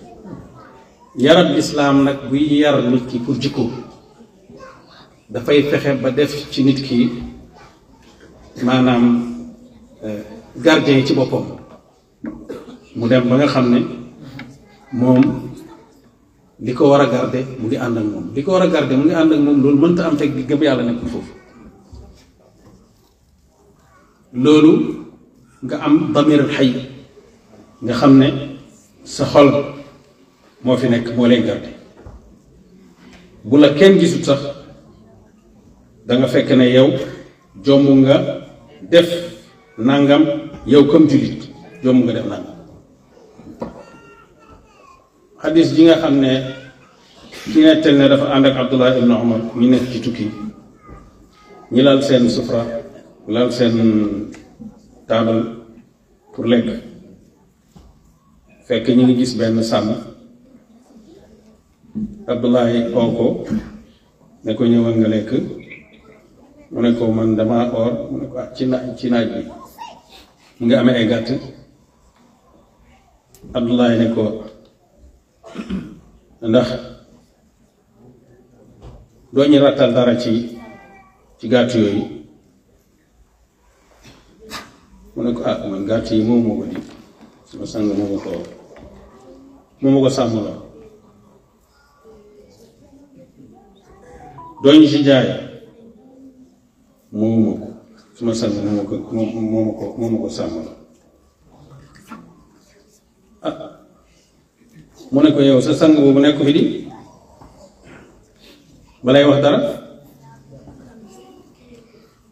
lislaam nag buy yar nit ki pour jikko dafay fexe ba def ci nit ki maanaam eh, gardien ci boppam mu dem ba nga xam ne moom li ko war a garder mu ngi ànd ak moom li ko war a garder mu ngi ànd ak moom loolu mënta am teg di gëm yàlla nekkul foofu loolu nga am damir xay nga xam ne sa xol moo fi nekk moo lay garder bu la kenn gisut sax danga fekk ne yow jomb nga def nangam yow comme jullit jomb nga def nangam xadis ji nga xam ne ci nettal ne dafa ànd ak abdullah ibnu umar ñu nekk ci tukki ñi laal seen sufra laal seen taabal pour lekk fekk ñu ngi gis benn sàmm abdullahi oo ko ne ko ñëwal nga lekk mu ne ko man damaa oor mu ne ko ah ci naaj ci naaj bi mu ngi amee ay gàtt abdullahi ne ko ndax doo ñu rattal dara ci ci gàtt yooyu mu ne ko ah man gàtt yi moom moo ko di sama sang moo ko moo ma ko sàmm la doo ñu si jaay moom moo ko sama sang moo ma ko moo ma ko moo ma ko sàmm la mu ne ko yow sa sang bu nekk fi di balay wax dara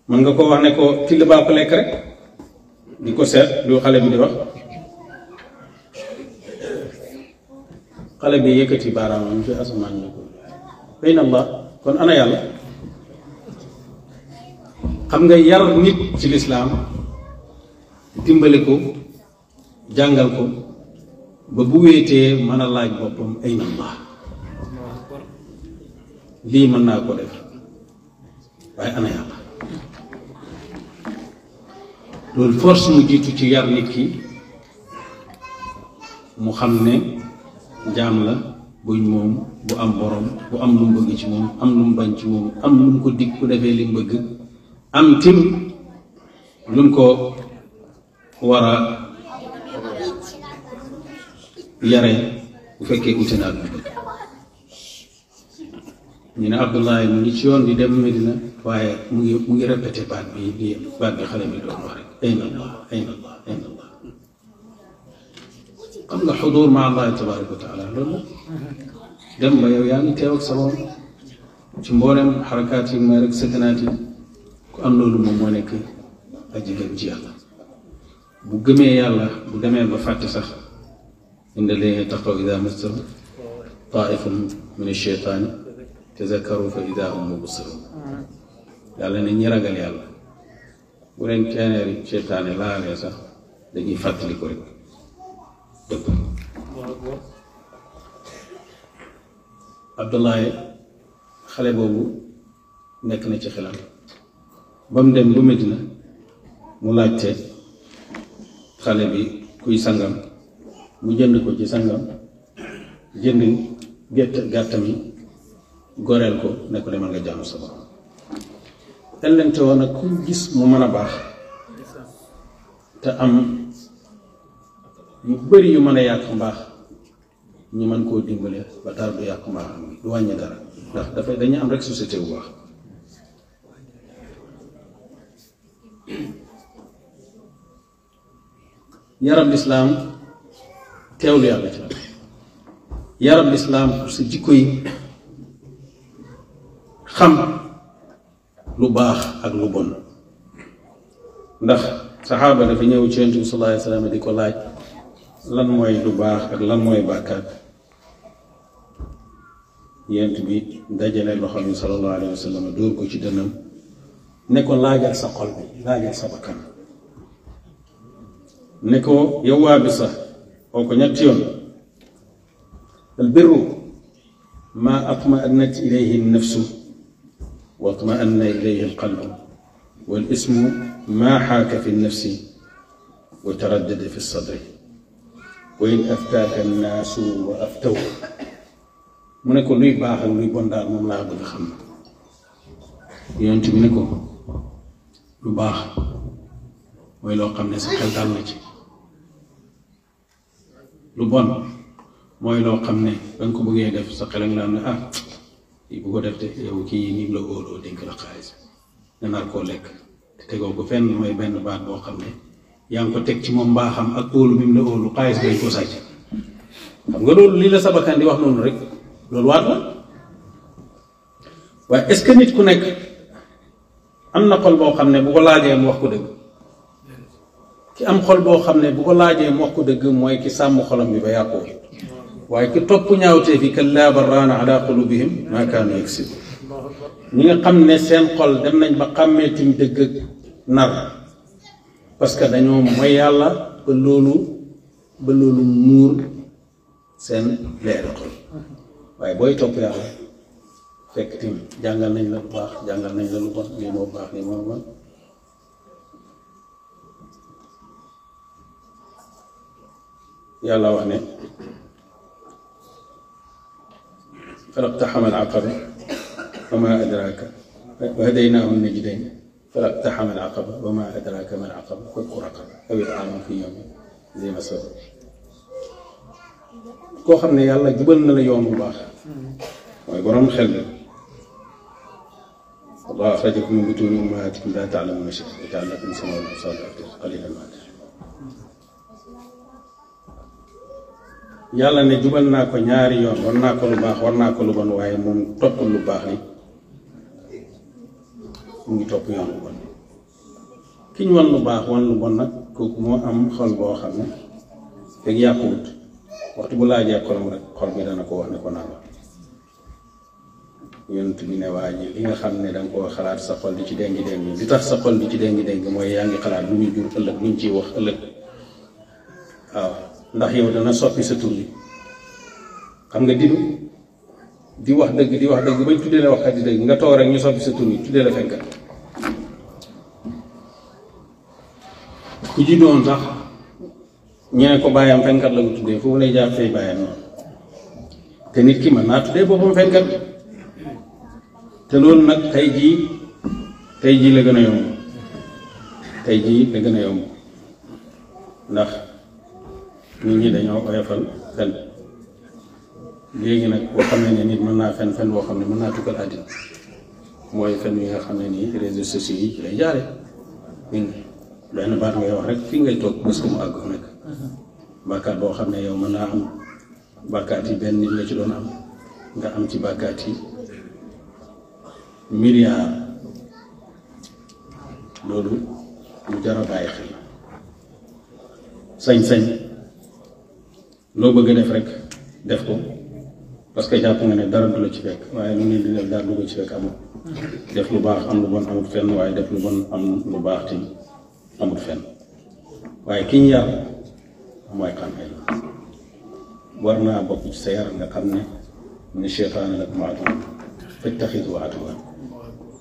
mën nga ko wax ne ko till baa ko lekk rek di ko seet lu xale bi di wax xale bi yëkkati baaraamam fi asamaan ne ko fay na Allah kon ana yàlla xam nga yar nit ci lislaam dimbali ko jàngal ko ba bu wéetee mën a laaj boppam ayna Allah lii mën naa ko def waaye ana loolu force mu jiitu ci yar nit ki mu xam ne jaam la buñ moom bu am borom bu am lu mu bëgg ci moom am lu mu bañ ci moom am lu mu ko dig ku defee li mu bëgg am tim lu mu ko war yare bu fekkee uti naa lu bëgg ñu ne Abdoulaye mu ngi ci yoon di dem Medina waaye mu ngi mu ngi répété baat bi di baat bi xale bi doon wax rek ayna allah ayna allah ayna allah xam nga xudur ma allah tabaraka wa taala loolu dem ba yow yaa ngi teew ak sa borom ci mboolem xarakaat yi mooy rek sëkkanaat yi ku am loolu moom moo nekk aji gëm ci yàlla bu gëmee yàlla bu demee ba fàtte sax inna llaziina ittaqaw izaa massahum taa'ifatun mina shaytaani tazakkaruu fa izaa hum mubsiruun yàlla ne ñi ragal yàlla bu leen keneen seytaane laalee sax dañuy fàttali ko xale boobu nekk na ci xelam ba mu dem ba Medina mu laajte xale bi kuy sangam mu jënd ko ci sangam jënd gett gàttam yi goreel ko ne ko demal nga jaamu sa borom ellente woon ku gis mu mën a baax te am yu bëri yu mën a yàq mbaax ñu mën koo dimbale ba tar du yàq mbaax du wàññi dara ndax dafay dañuy am rek société bu baax yaram lislaam teewlu yàlla ci yarab lislaam sa jikko yi xam lu baax ak lu bon ndax saxaaba dafa ñëw ci yonent bi sallallahu di ko laaj lan mooy lu baax ak lan mooy bàkkaat yonent bi dajale loxo bi sallallahu alayhi ci dënnam ne ko laajal sa xol bi laajal sa bakkan ne ko yow waa bi البر ما أطمأنت إليه النفس واطمأن إليه القلب والاسم ما حاك في النفس وتردد في الصدر وإن أفتاك الناس وأفتوا منكو لي باخ لي بوندار من لا بغا خم يونت منكو لو باخ وي لو خم ني سخل دال lu bon mooy loo xam ne ba nga ko bëggee def sa xel la am ne ah kii bu ko def te yow kii nii la óoloo dénk la xaalis nga nar koo lekk tegoo ko fenn mooy benn baat boo xam ne yaa ngi ko teg ci moom mbaaxam ak óolu bi mu la óolu xaalis dañ ko sàcc xam nga loolu lii la sabakan di wax noonu rek loolu waat la waaye est-ce que nit ku nekk am na xol boo xam ne bu ko laajee mu wax ko dëgg ci am xol boo xam ne bu ko laajee moo ko dëgg mooy ki sàmm xolom bi ba yàqoo waaye ki topp ñaawtee fi kallaa barraana ala qulubihim maa kaanu yaksibu ñi nga xam ne seen xol dem nañ ba xàmmeetuñ dëgg ak nar parce que dañoo mooy yàlla ba loolu ba loolu muur seen leeri xol waaye booy topp yàlla fekk tim jàngal nañ la lu baax jàngal nañ la lu bon lii moo baax lii moo bon يلا وأنا فلا اقتحم العقبة وما أدراك وهديناه النجدين فلا اقتحم العقبة وما أدراك ما العقبة فك رقبة أو إطعام في يوم زي ما سوى كو خمنا يلا جبلنا ليوم الباخر ويقولون خلنا الله أخرجكم من بطون أمهاتكم لا تعلمون شيئا وجعل لكم سماوات وأبصارا قليلا ما أدري yàlla ne jubal naa ko ñaari yoon war naa ko lu baax war naa ko lu bon waaye moom toppul lu baax li mu ngi topp yoon lu bon ki ñu wan lu baax wan lu bon nag kooku moo am xol boo xam ne fekk yàquwut bu laajee xolam rek xol bi dana ko wax ne ko naa la yonent bi li nga xam ne danga koo xalaat sa xol di ci déngi déngi li tax sa xol di ci déngi déngi mooy yàngi xalaat lu ñu jur ëllëg lu ñu ciy wax ëllëg waaw ndax yow dana soppi sa tur bi xam nga di di wax dëgg di wax dëgg bañ tuddee la wax di dëgg nga toog rek ñu soppi sa tur bi tuddee la fenkat ku ji doon sax ñu ne ko bàyyam fenkat la ko tuddee foofu lay jaar fay bàyyam noonu te nit ki mën naa tuddee boppam fenkat te loolu nag tey jii tey jii la gën a yomb tey jii la gën a yomb ndax nit ñi dañoo oyofal fen léegi nag boo xamee ne nit mën naa fen fen boo xam ne mën naa tukkal àddina mooy fen yi nga xam ne nii réseaux sociaux yi ci lay jaare dégg benn baat ngay wax rek fii ngay toog bés bu mu boo xam ne yow mën naa am bàkkaat yi benn nit la ci doon am nga am ci bàkkaat yi milliard loolu lu jar a bàyyi xel sañ-sañ loo bëgg a def rek def ko parce que jàpp nga ne dara du ci fekk waaye lu ne di def dara du ko ci fekk amul def lu baax am lu bon amul fenn waaye def lu bon am lu baax te amul fen waaye kii ñu mooy xàmmee war naa bokk ci sa yar nga xam ne ni seytaane lakum aduwwun fattaxizuuhu aduwwan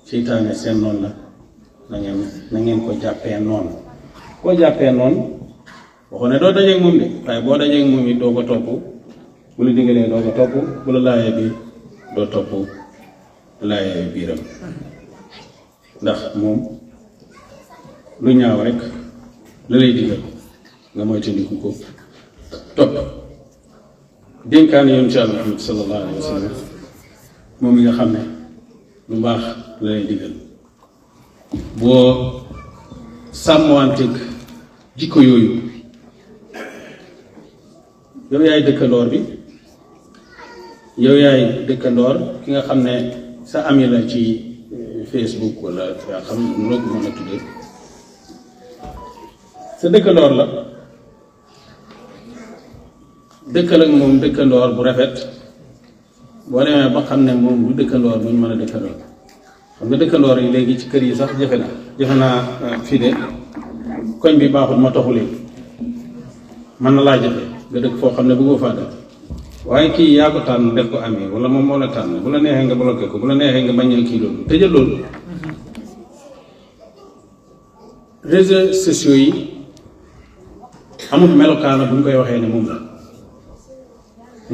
seytaane seen noonu la na ngeen na ngeen ko jàppee noonu koo jàppee noon waxoon ne doo dajeeg moom de bo dajje ak mom it do ko top bu lu dingale do ko top bu lu laye bi doo topp laayee biiram ndax mom lu ñaaw rek la lay digal nga moy tindi ku ko topp dénkaan yoon ci Muhammad sallallahu alaihi wasallam mom nga xamne lu bax la lay digal bo samwantik jiko yoyu yow yaay dëkkandoor bi yow yaay dëkkandoor ki nga xam ne sa ami la ci euh, Facebook wala yaa xam loo a tuddee sa la dëkkal ak moom dëkkandoor bu rafet boo demee ba xam ne moom du dëkkandoor bu ñu mën a dëkkandoor xam nga dëkkandoor yi léegi ci kër yi sax jafe na jafe naa euh, fii de koñ bi baaxul ma toxu léegi mën na laa jafe nga dëkk foo xam ne bëggoo faa dëkk waaye kii yaa ko tànn def ko amee wala moom moo la tànn bu la neexee nga bloqué ko bu la neexee nga bañal kii loolu tëjal loolu réseaux sociaux yi amul melokaana bu ñu koy waxee ne moom la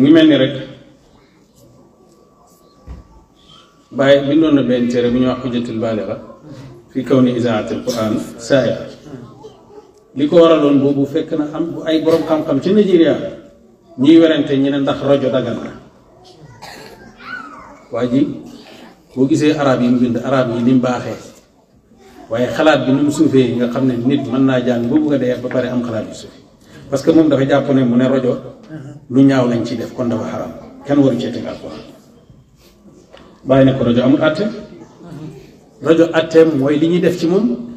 mu mel ni rek bàyyi bindoon na benn téere bu ñu wax xujjatul baaliga fi kaw ni isaatil quran saaya li ko waraloon boobu fekk na am bu ay borom xam-xam ci Nigeria ñuy werante ñu ne ndax rajo dagan na waa ji boo gisee arab yi mu bind arab yi ni mu baaxee waaye xalaat bi ni mu suufee nga xam ne nit mën naa jàng boobu nga dee ba pare am xalaat bi suufee parce que moom dafa jàpp ne mu ne rajo lu ñaaw lañ ci def kon dafa xaram kenn waru cee teg alquran bàyyi ne ko rajo amul atte rajo atteem mooy li ñuy def ci moom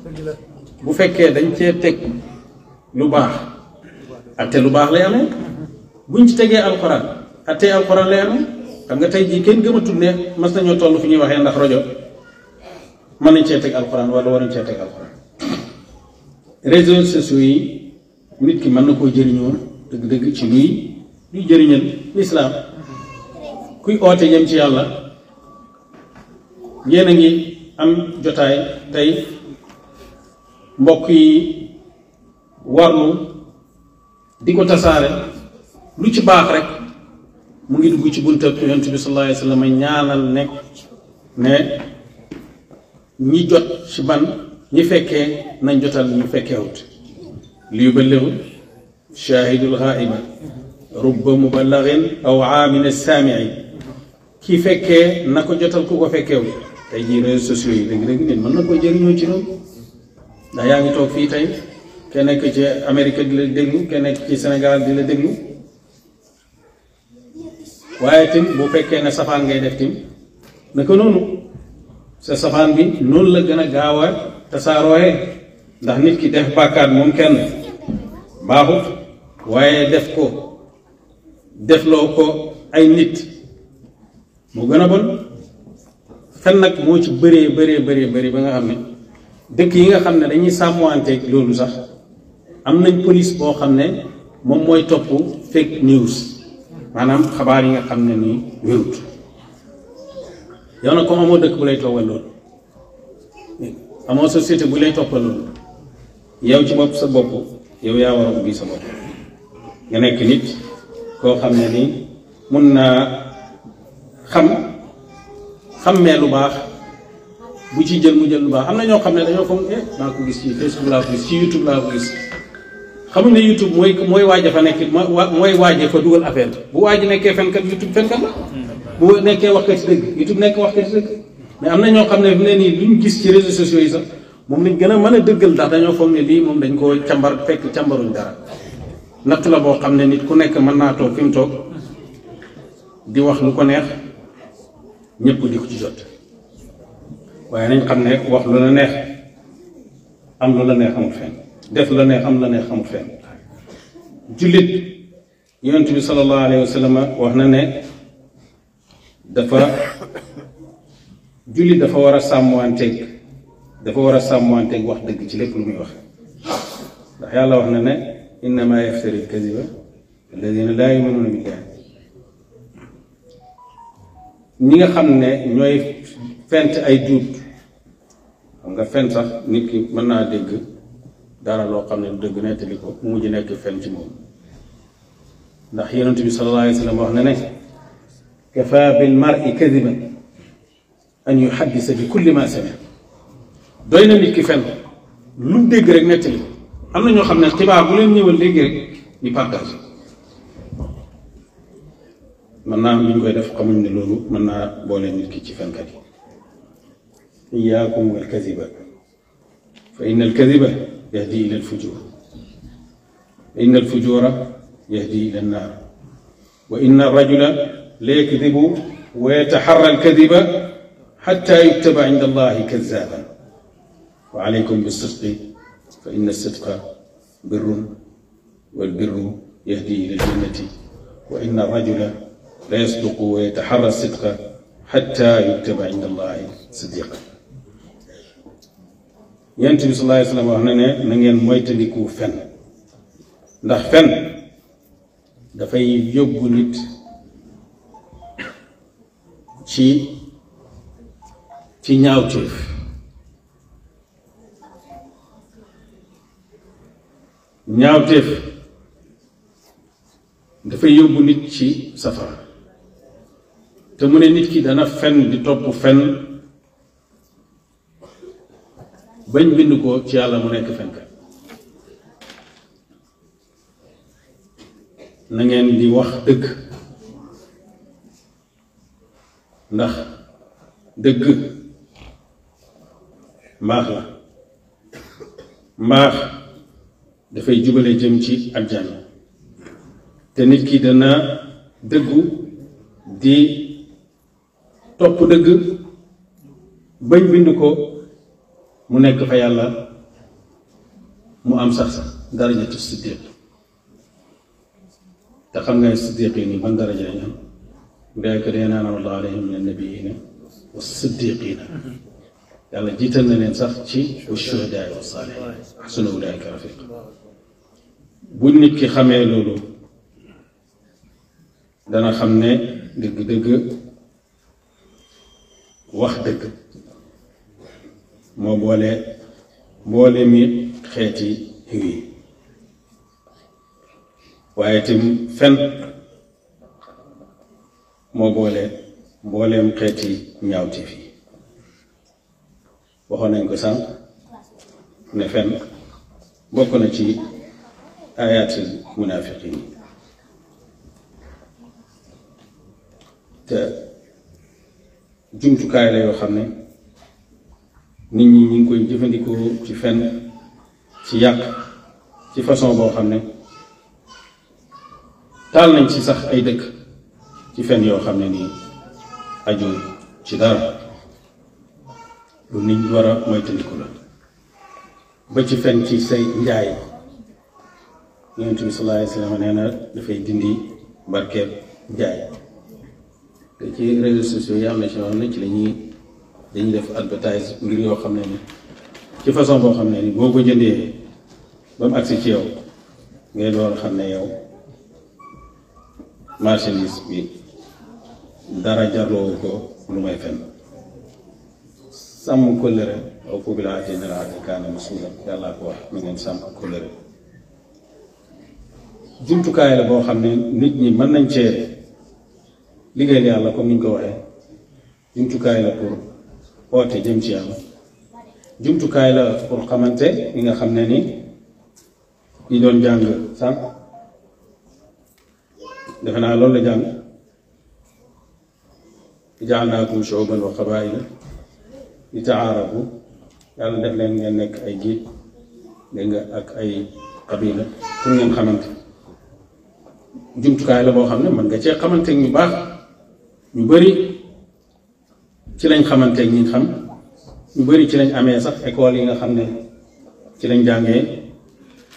bu fekkee dañ cee teg lu baax atte lu baax lay amee buñ ci tegee alxuraan ate alxuraan lay amee xam nga tey jii kenn gëmatul ne mës nañoo toll fi ñuy waxee ndax rajo mën nañ cee teg alxuraan wala war nañ cee teg alxuraan réseaux sociaux yi nit ki mën na koo jëriñoo dëgg-dëgg ci luy luy jëriñal lislaam kuy oote jëm ci yàlla yéen a ngi am jotaay tey mbokk yi warnu di ko tasaare lu ci baax rek mu ngi dugg ci buntab yonent bi sallallahu alayhi wa sallam ñaanal nekk ne ñi jot ci ban ñi fekkee nañ jotal ñu fekkeewut li yuballigu shahidul ghaiba rubba muballaghin aw aamin as-saami'i ki fekkee na ko jotal ku ko fekkeewut tey jii réseaux sociaux yi léegi-léegi nit mën na koo jëriñoo ci loolu ndax yaa ngi toog fii tey ke nekk ci Amérique di la déglu ke nekk ci Sénégal di la déglu waaye tim bu fekkee ne safaan ngay def tim ne ko noonu sa safaan bi noonu la gën a gaaw a tasaarooyee ndax nit ki def bàkkaat moom kenn baaxut waaye def ko defloo ko ay nit mu gën a bon fen nag moo ci bëree bëree bëree bëri ba nga xam ne dëkk yi nga xam ne dañuy sàmmanteeg loolu sax am nañ police boo xam ne moom mooy topp fake news maanaam xabaar yi nga xam ne nii wérut yow nag comme amoo dëkk bu lay toogal loolu amoo société bu lay toppal loolu yow ci bopp sa bopp yow yaa war a sa bopp nga nekk nit koo xam ne nii mun naa xam xammee lu baax bu ci jël mu jël lu baax am na ñoo xam ne dañoo foog eh maa ko gis ci Facebook laa ko gis ci YouTube laa ko gis xamuñ ne YouTube mooy mooy waaja fa nekk mooy waaja fa dugal affaire bu waaj nekkee fenkat YouTube fenkat la bu nekkee wax kat si dëgg YouTube nekk wax kat dëgg mais am na ñoo xam ne fi ne nii luñ gis ci réseaux sociaux yi sax moom lañ gën a mën a dëggal ndax dañoo foog ne lii moom dañ koo càmbar fekk càmbaruñ dara natt la boo xam ne nit ku nekk mën naa toog fi mu di wax lu ko neex ñëpp di ko ci jot waaye nañ xam ne wax lu la neex am lu la neex amul fenn def la neex am la neex amul fenn jullit yonent bi sallallahu alayhi wa sallam wax na ne dafa jullit dafa war a sàmmanteeg dafa war a sàmmanteeg wax dëgg ci lépp lu muy wax ndax yàlla wax na ne innama yaftari alkaziba alladina laa yuminuuna billah ñi nga xam ne ñooy fent ay duut nga fenn sax nit ki mën naa dégg dara loo xam ne dëgg nettali ko mu mujj nekk fenn ci moom ndax yonent bi sallallahu alayhi wa wax na ne kafa bil mar'i kadiban an yuhaddisa bi kulli ma sami doy na nit ki fenn lu dégg rek nettali ko am na ñoo xam ne xibaar bu leen ñëwal dégg rek ñu partage mën naa am ñu koy def xamuñ ne loolu mën naa boole nit ki ci fenkat yi إياكم والكذب فإن الكذب يهدي إلى الفجور إن الفجور يهدي إلى النار وإن الرجل ليكذب ويتحرى الكذب حتى يكتب عند الله كذابا وعليكم بالصدق فإن الصدق بر والبر يهدي إلى الجنة وإن الرجل ليصدق ويتحرى الصدق حتى يكتب عند الله صديقا yonent bi sallallahu alayhi wasallam wax na ne na ngeen moytandiku fen ndax fen dafay yóbbu nit ci ci ñaawteef ñaawteef dafay yóbbu nit ci safara te mu ne nit ki dana fen di topp fen bañ bind ko ci yàlla mu nekk fenk nangeen di wax dëgg ndax dëgg mbaax la mbaax dafay jubale jëm ci aljanna te nit ki dana dëggu di topp dëgg bëñ bind ko mu nekk fa yàlla mu am sax sax daraja tu siddiq te xam nga ne siddiq yi nii ban daraja lañ am ulaayka leen an'ama Allahu alayhim min ne wa yi yàlla jiital na leen sax ci wa shuhadaa wa sunu wu daay kaafi bu nit ki xamee loolu dana xam ne dëgg-dëgg wax dëgg moo boole mboole mi xeeti xiw yi waaye tim fen moo boole mbooleem xeeti ñaawti fi waxoon nañ ko sànq ne fen bokk na ci ayaatil munaafiqiin te jumtukaay la yoo xam ne nit ñi ñu koy jëfandikoo ci fenn ci yàq ci façon boo xam ne taal nañ ci sax ay dëkk ci fenn yoo xam ne nii aju ci dara lu nit ñu war a moytandiku la ba ci fenn ci say njaay yonent bi sallallahu alayhi wasallam nee na dafay dindi barkeeb njaay te ci réseaux sociaux yi am na ci wax na ci la dañu def advertise mbir yoo xam ne ni ci façon boo xam ne ni boo ko jëndee ba mu agsi ci yow ngay door xam ne yow marchandise bi dara jarloo ko lu may fenn sàmm kóllëre aw foofu laa général kaana masuula yàllaa ko wax na ngeen sàmm kóllëre jumtukaay la boo xam ne nit ñi mën nañ cee liggéeyal yàlla ko ni ko waxee jumtukaay la pour woote jëm ci yàlla jumtukaay la pour xamante ñi nga xam ne ni ñi doon jàng sànq defe naa loolu la jàng jaalnaakum shuuban wa qabaa'ila li ta'aarafu leen ngeen nekk ay giit dégg nga ak ay qabila pour ngeen xamante jumtukaay la boo xam ne mën nga cee xamante ñu baax ñu bëri ci lañ xamante ñi xam ñu bëri ci lañ amee sax école yi nga xam ne ci lañ jàngee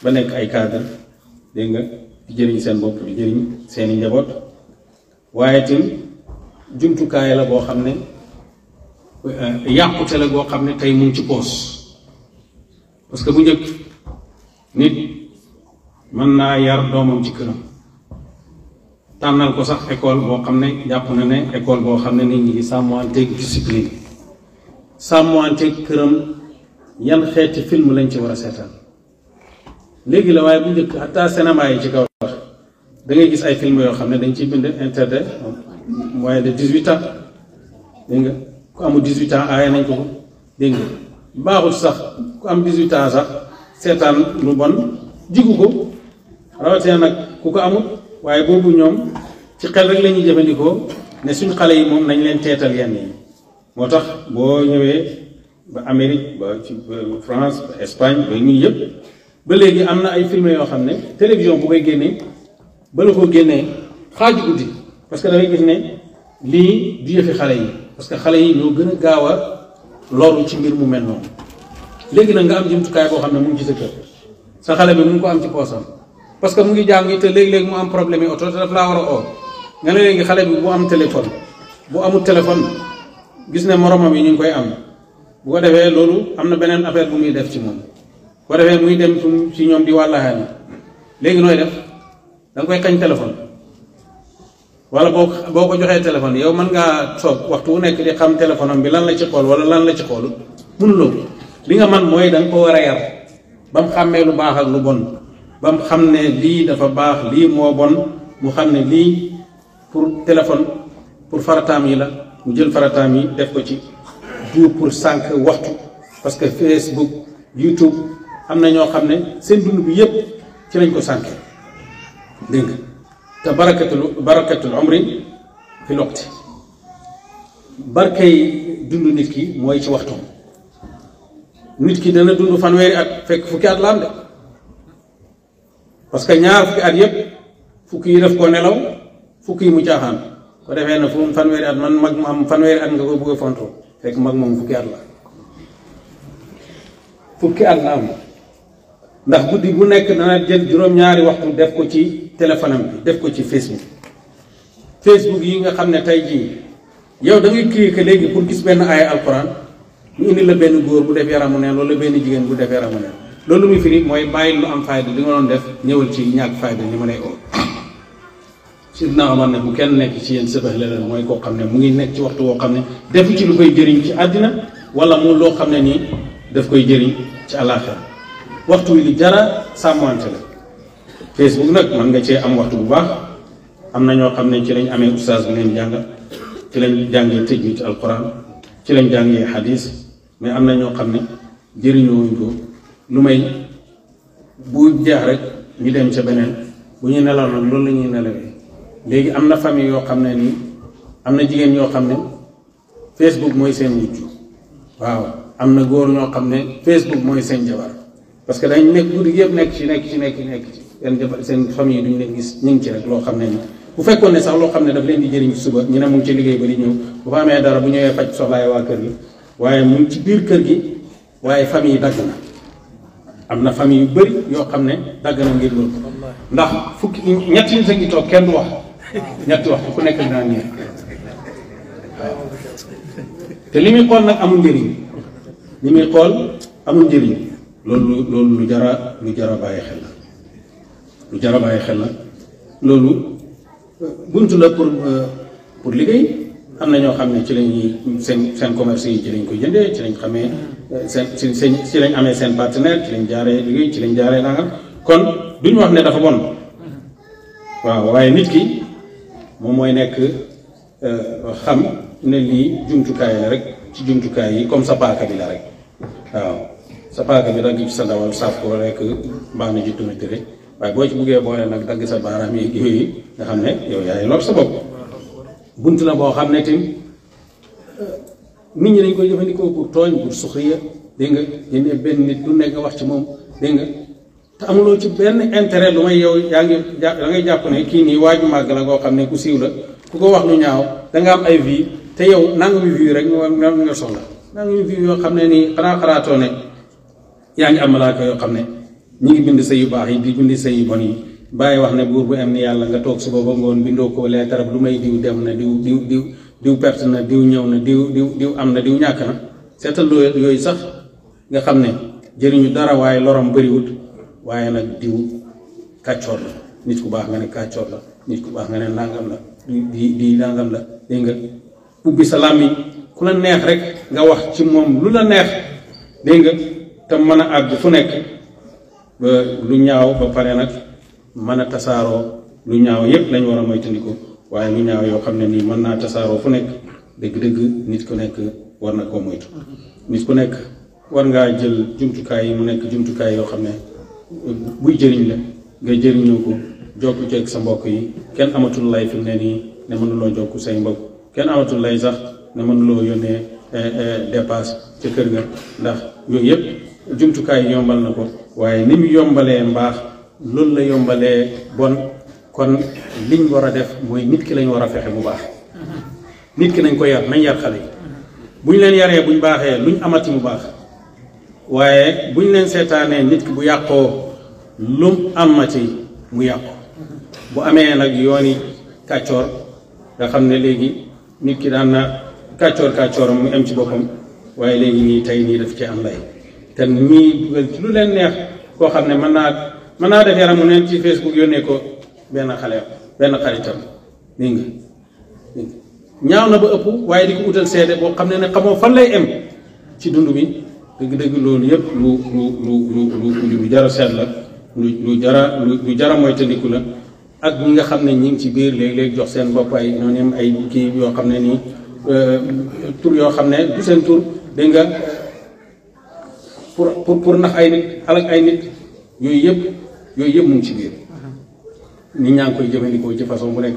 ba nekk ay cadre dégg nga di jëriñ seen bopp di jëriñ seeni njaboot waaye tim jumtukaay la boo xam ne euh, yàqute la boo xam ne tey muñ ci poos parce que bu njëkk nit mën naa yar doomam ci këram tànnal ko sax école boo xam ne jàpp na ne école boo xam ne nit ñi ngi sàmmanteeg discipline sàmmanteeg këram yan xeeti film lañ ci war a seetaan léegi la waaye bu njëkk hatta cinéma yi ci kaw wax da ngay gis ay film yoo xam ne dañ ciy bind interdit moyen de dix-huit ans dégg nga ku amul dix-huit ans aaye nañ ko ko dégg nga sax ku am dix-huit ans sax seetaan lu bon jigu ko rawatina nag ku ko amul. waaye boobu ñoom ci xel rek la ñuy jëfandikoo ne suñ xale yi moom nañ leen teetal yenn yi moo tax boo ñëwee ba Amérique ba ci France ba Espagne ba ñuy yëpp ba léegi am na ay film yoo xam ne télévision bu koy génnee ba la ko génnee xaaju guddi parce que dafay gis ne lii du xale yi parce que xale yi ñoo gën a gaaw loolu ci mbir mu mel noonu léegi nag nga am jumtukaay boo xam ne mu ci sa sa xale bi mu ko am ci poosam parce que mu ngi jàngi te léegi-léegi mu am problème yi oto te daf laa war a oo nga ne léegi xale bi bu am téléphone bu amul téléphone gis ne moromam yi ñu ngi koy am bu ko defee loolu am na beneen affaire bu muy def ci moom bu ko defee muy dem ci ñoom di wàllaxaani léegi nooy def da koy kañ téléphone wala boo boo ko joxee téléphone yow man ngaa soob waxtu wu nekk di xam téléphone bi lan la ci xool wala lan la ci xoolut mënuloo li nga man mooy da nga war a yar ba mu xàmmee lu baax ak bon bam xamne li dafa bax li mo bon mu xamne li pour téléphone pour faratam yi la mu jël faratam yi def ko ci du pour sank waxtu parce que Facebook YouTube amna ño xamne xam seen dund bi yépp ci lañ ko sanké deng ta barakatul barakatul umri fi loqti barkay dund nit ki moy ci waxtu nit ki dana dund fanwéri at fekk fukki at lam de parce que ñaar fukki at yëpp fukki yi daf ko nelaw fukki yi mu caaxaan ko defee na fu mu fanweeri at man mag mu am fanweeri at nga ko bëgg a fontoo fekk mag moom fukki at la fukki at la am ndax guddi bu nekk dana jël juróom-ñaari wax waxtu def ko ci téléphone am bi def ko ci Facebook Facebook yi nga xam ne tey jii yow da ngay cliquer léegi pour gis benn aaya alquran ñu indi la benn góor bu def yaramu neen wala benn jigéen bu def yaramu neen loolu muy firi mooy bàyyi lu am fayda li nga doon def ñëwal ci ñàkk fayda ñu ma ne oo sidna Omar ne bu kenn nekk ci yéen sëbax leneen mooy koo xam ne mu ngi nekk ci waxtu woo xam ne defu ci lu koy jëriñ ci àddina wala mu loo xam ne nii daf koy jëriñ ci àllaaxira waxtu wi li jara sàmmante la Facebook nag mën nga cee am waxtu bu baax am na ñoo xam ne ci lañ amee oustaz bu leen jàng ci lañ jàngee tëj ci alquran ci lañ jàngee hadis mais am na ñoo xam ne jëriñoo lu may bu jeex rek ñu dem sa beneen bu ñu nelaw nag loolu la ñuy nelawee léegi am na famille yoo xam ne nii am na jigéen yoo xam ne Facebook mooy seen wujj waaw am na góor ñoo xam ne Facebook mooy seen jabar parce que dañ nekk guddi yëpp nekk ci nekk ci nekk ci nekk ci seen jabar seen famille duñ leen gis ñu ngi ci rek loo xam ne nii bu fekkoon ne sax loo xam ne daf leen di jëriñ suba ñu ne mu ngi ci liggéey ba di ñëw bu fa amee dara bu ñëwee faj soxlaay waa kër gi waaye mu ci biir kër gi waaye famille yi na am na famille yu bëri yoo xam ne dagg na ngir loolu ndax fukki ñetti nit a ngi kenn du wax ñetti waxtu ku nekk dinaa ñëw te li muy xool nag amul njëriñ li muy xool amul njëriñ loolu loolu lu jara lu jara bàyyi xel la lu jara bàyyi xel la loolu buntu la pour euh, pour liggéey am na ñoo xam ne ci lañuy seen seen commerce yi ci lañ koy jëndee ci lañ xamee seen seen ci lañ amee seen partenaire ci lañ jaaree liggéey ci lañ jaaree langal kon ñu wax ne dafa bon waaw waaye nit ki moom mooy nekk euh, xam ne lii jumtukaay la rek ci jumtukaay yi comme sa paaka bi la rek waaw sa paaka bi dagg ci sa ndawal saaf ko rek baax na ji duna tëre waaye boo ci buggee boole nag dagg sa baaraam yi yooyu nga xam ne yow yaay lool sa bopp bunt la boo xam ne tim nit ñi dañ koy jëfandikooku pour tooñ pour suxriya dégg nga jëndee benn nit du nekk nga wax ci moom dégg nga te amuloo ci benn intérêt lu may yow yaa ngi da ngay jàpp ne kii nii waaju màgg la goo xam ne ku siiw la ku ko wax lu ñaaw da nga am ay vie te yow nangami vie rek nga nga soxla nangami yoo xam ne nii xanaa xalaatoo ne yaa ngi am malaaka yoo xam ne ñu ngi bind say yu baax yi di bind say yu bon yi bàyyi wax ne buur bu am ni yàlla nga toog suba ba ngoon bindoo ko leetar lu may diw dem na diw diw diw diw perte na diw ñëw na diw diw diw am na diw ñàkk na seetal yooyu sax nga xam ne jëriñu dara waaye lorom bëriwut waaye nag diw kàccoor la nit ku baax nga ne kàccoor la nit ku baax nga ne nangam la di di nangam la dégg nga ubbi sa làmmiñ ku la neex rek nga wax ci moom lu la neex dégg nga te mën a àgg fu nekk ba lu ñaaw ba pare nag mën a tasaaroo lu ñaaw yépp lañ war a moytandiku waaye lu ñaaw yoo xam ne nii mën naa tasaaroo fu nekk dëgg-dëgg nit ku nekk war na koo moytu nit ku nekk war ngaa jël jumtukaay yi mu nekk jumtukaay yoo xam ne buy jëriñ la nga jëriñoo ko jokku ceeg sa mbokk yi kenn amatul lay fi mu ne nii ne mënuloo jokku say mbokk kenn amatul lay sax ne mënuloo yónnee eh, eh, dépasse ca kër ndax yooyu yëpp jumtukaay yombal na ko waaye ni yombalee mbaax loolu la yombalee bon kon liñ war a def mooy nit ki lañ war a fexe bu baax nit ki nañ ko yar nañ yar xale yi bu leen yaree buñ baaxee luñ amati bu baax waaye buñ leen seetaanee nit ki bu yàqoo lum amati mu yàqu bu amee nag yooni kàccoor nga xam ne léegi nit ki daan na kàccoor kàccooram mu am ci boppam waaye léegi nii tey nii daf ci am lay te ñii lu leen neex koo xam ne mën naa mën naa def mu neen ci Facebook yónnee ko benn xale benn xaritam dégg nga ñaaw na ba ëpp waaye di ko utal seede boo xam ne ne xamoo fan lay em ci dund bi dëgg-dëgg loolu yëpp lu lu lu lu lu jara seet la lu lu jara lu jara mooy tëndiku la ak ñi nga xam ne ñi ngi ci biir léeg-léeg jox seen bopp ay ñooñu ay kii yoo xam ne nii euh, tur yoo xam ne du seen tur dégg nga pour pour pour nax ay nit alak ay nit yooyu yëpp yooyu yëpp mu ngi ci biir nit ñaa ngi koy jëfandikoo ci façon bu nekk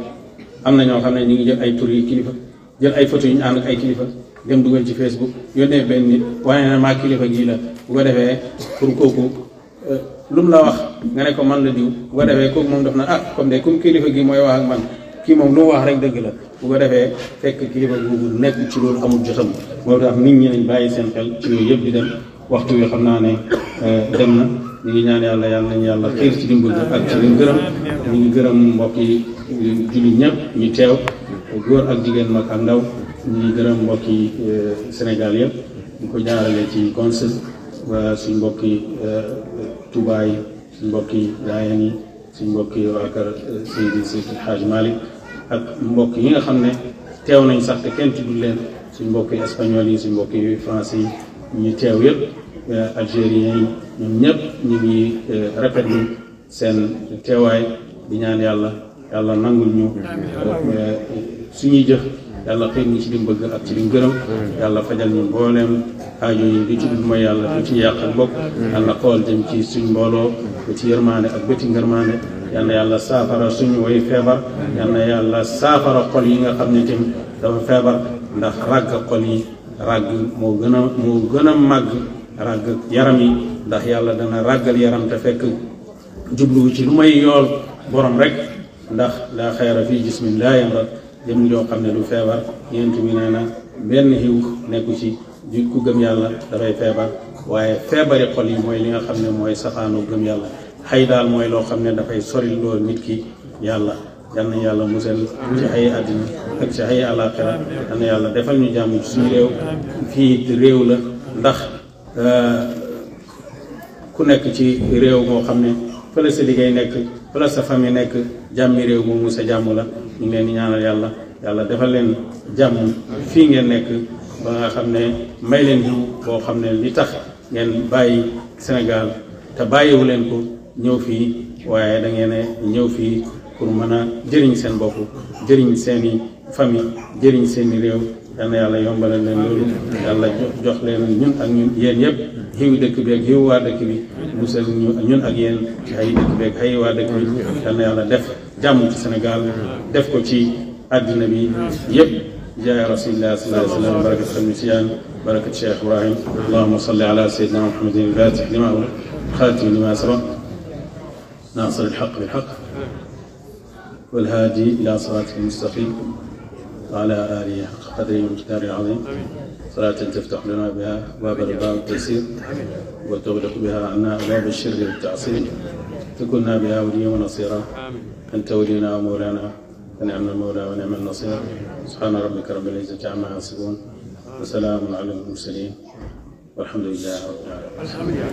am na ñoo xam ne ñu ngi jël ay tur yi kilifa jël ay photo yu ñu ànd ak ay kilifa dem dugal ci Facebook yónnee benn nit waaye na maa kilifa gii la bu ko defee pour kooku euh, lu mu la wax nga ne ko man la diw bu ko defee kook moom def na ah comme de comme kilifa gi mooy wax man kii moom lu mu wax rek dëgg la bu ko defee fekk kilifa googu nekk ci loolu amul jotam moo tax nit ñi nañ bàyyi seen ci yooyu yëpp di dem waxtu wi xam naa ne euh, dem ñu ngi ñaan yàlla yàlla nañu yàlla xiir ci dimbal ak ci liñ gërëm ñu ngi gërëm mbokk yi julli ñëpp ñu teew góor ak jigéen mag ak ndaw ñu ngi gërëm mbokk yi eh, sénégal yëpp ñu ko jaarale ci conseil waa suñ mbokk yi eh, touba yi suñ mbokk yi yi suñ mbokk yi eh, seydi seydi ak mbokk yi nga xam ne teew nañ sax te kenn leen suñ mbokk yi espagnol yi suñ mbokk yi français yi ñu teew yëpp yi ñun ñëpp ñu ngi euh, rafetlu seen teewaay di ñaan yàlla yàlla nangul ñu euh, jëf yàlla xëy ñu ci li mu bëgg ak ci li mu gërëm yàlla fajal ñu mbooleem aajo yi li ci dul mooy yàlla du ci yàq ak mbokk yàlla xool jëm ci suñ mbooloo du ci yërmaane ak bëti ngërmaane yal yàlla saafara suñu way feebar yal yàlla saafara xol yi nga xam ne tamit dafa feebar ndax ràgg xol yi ràgg moo gën a gën a màgg ràgg yaram yi ndax yàlla dana ràggal yaram te fekk jubluwu ci lu may yool borom rek ndax laa xayra fii jismin laa yamrat jëm joo xam ne du feebar yent bi nee na benn xiw nekku ci ji ku gëm yàlla feebar waaye feebari xol yi mooy li nga xam ne mooy safaanu gëm yàlla xay daal mooy loo xam ne dafay sori nit ki yàlla yal yàlla musal ci xay àddina ak defal ñu jàmm ci réew fii réew la ndax euh, ku nekk ci réew boo xam ne fële sa liggéey nekk fële sa famille nekk jàmmi réew moomu sa jàmm la ñu ngeen di ñaanal yàlla yàlla defal leen jàmm fii ngeen nekk ba nga xam ne may leen jiw boo xam ne li tax ngeen bàyyi senegal te bàyyiwu leen ko ñëw fii waaye da ngeen ñëw fii pour mën a jëriñ seen bopp jëriñ seeni famille jëriñ seeni réew yal yàlla yombalal leen loolu yàlla jox leen ñun ak ñun yéen yëpp. هيو دك بيك هيو وار بي موسى نيون اغيان هاي دك بيك هاي وار بي تانا يالا ديف جامو في السنغال ديف كو تي ادنا بي ييب رسول الله صلى الله عليه وسلم بركة المسيان بركة الشيخ إبراهيم اللهم صل على سيدنا محمد الفاتح لما هو خاتم لما سبق ناصر الحق بالحق والهادي إلى صراط المستقيم وعلى آله حق قدره من كتابه العظيم صلاة تفتح لنا بها باب الباب التيسير وتغلق بها عنا باب الشرك والتعصيب تكلنا بها وليا ونصيرا أنت ولينا ومولانا فنعم المولى ونعم النصير سبحان ربك رب العزة عما يصفون وسلام على المرسلين والحمد لله رب العالمين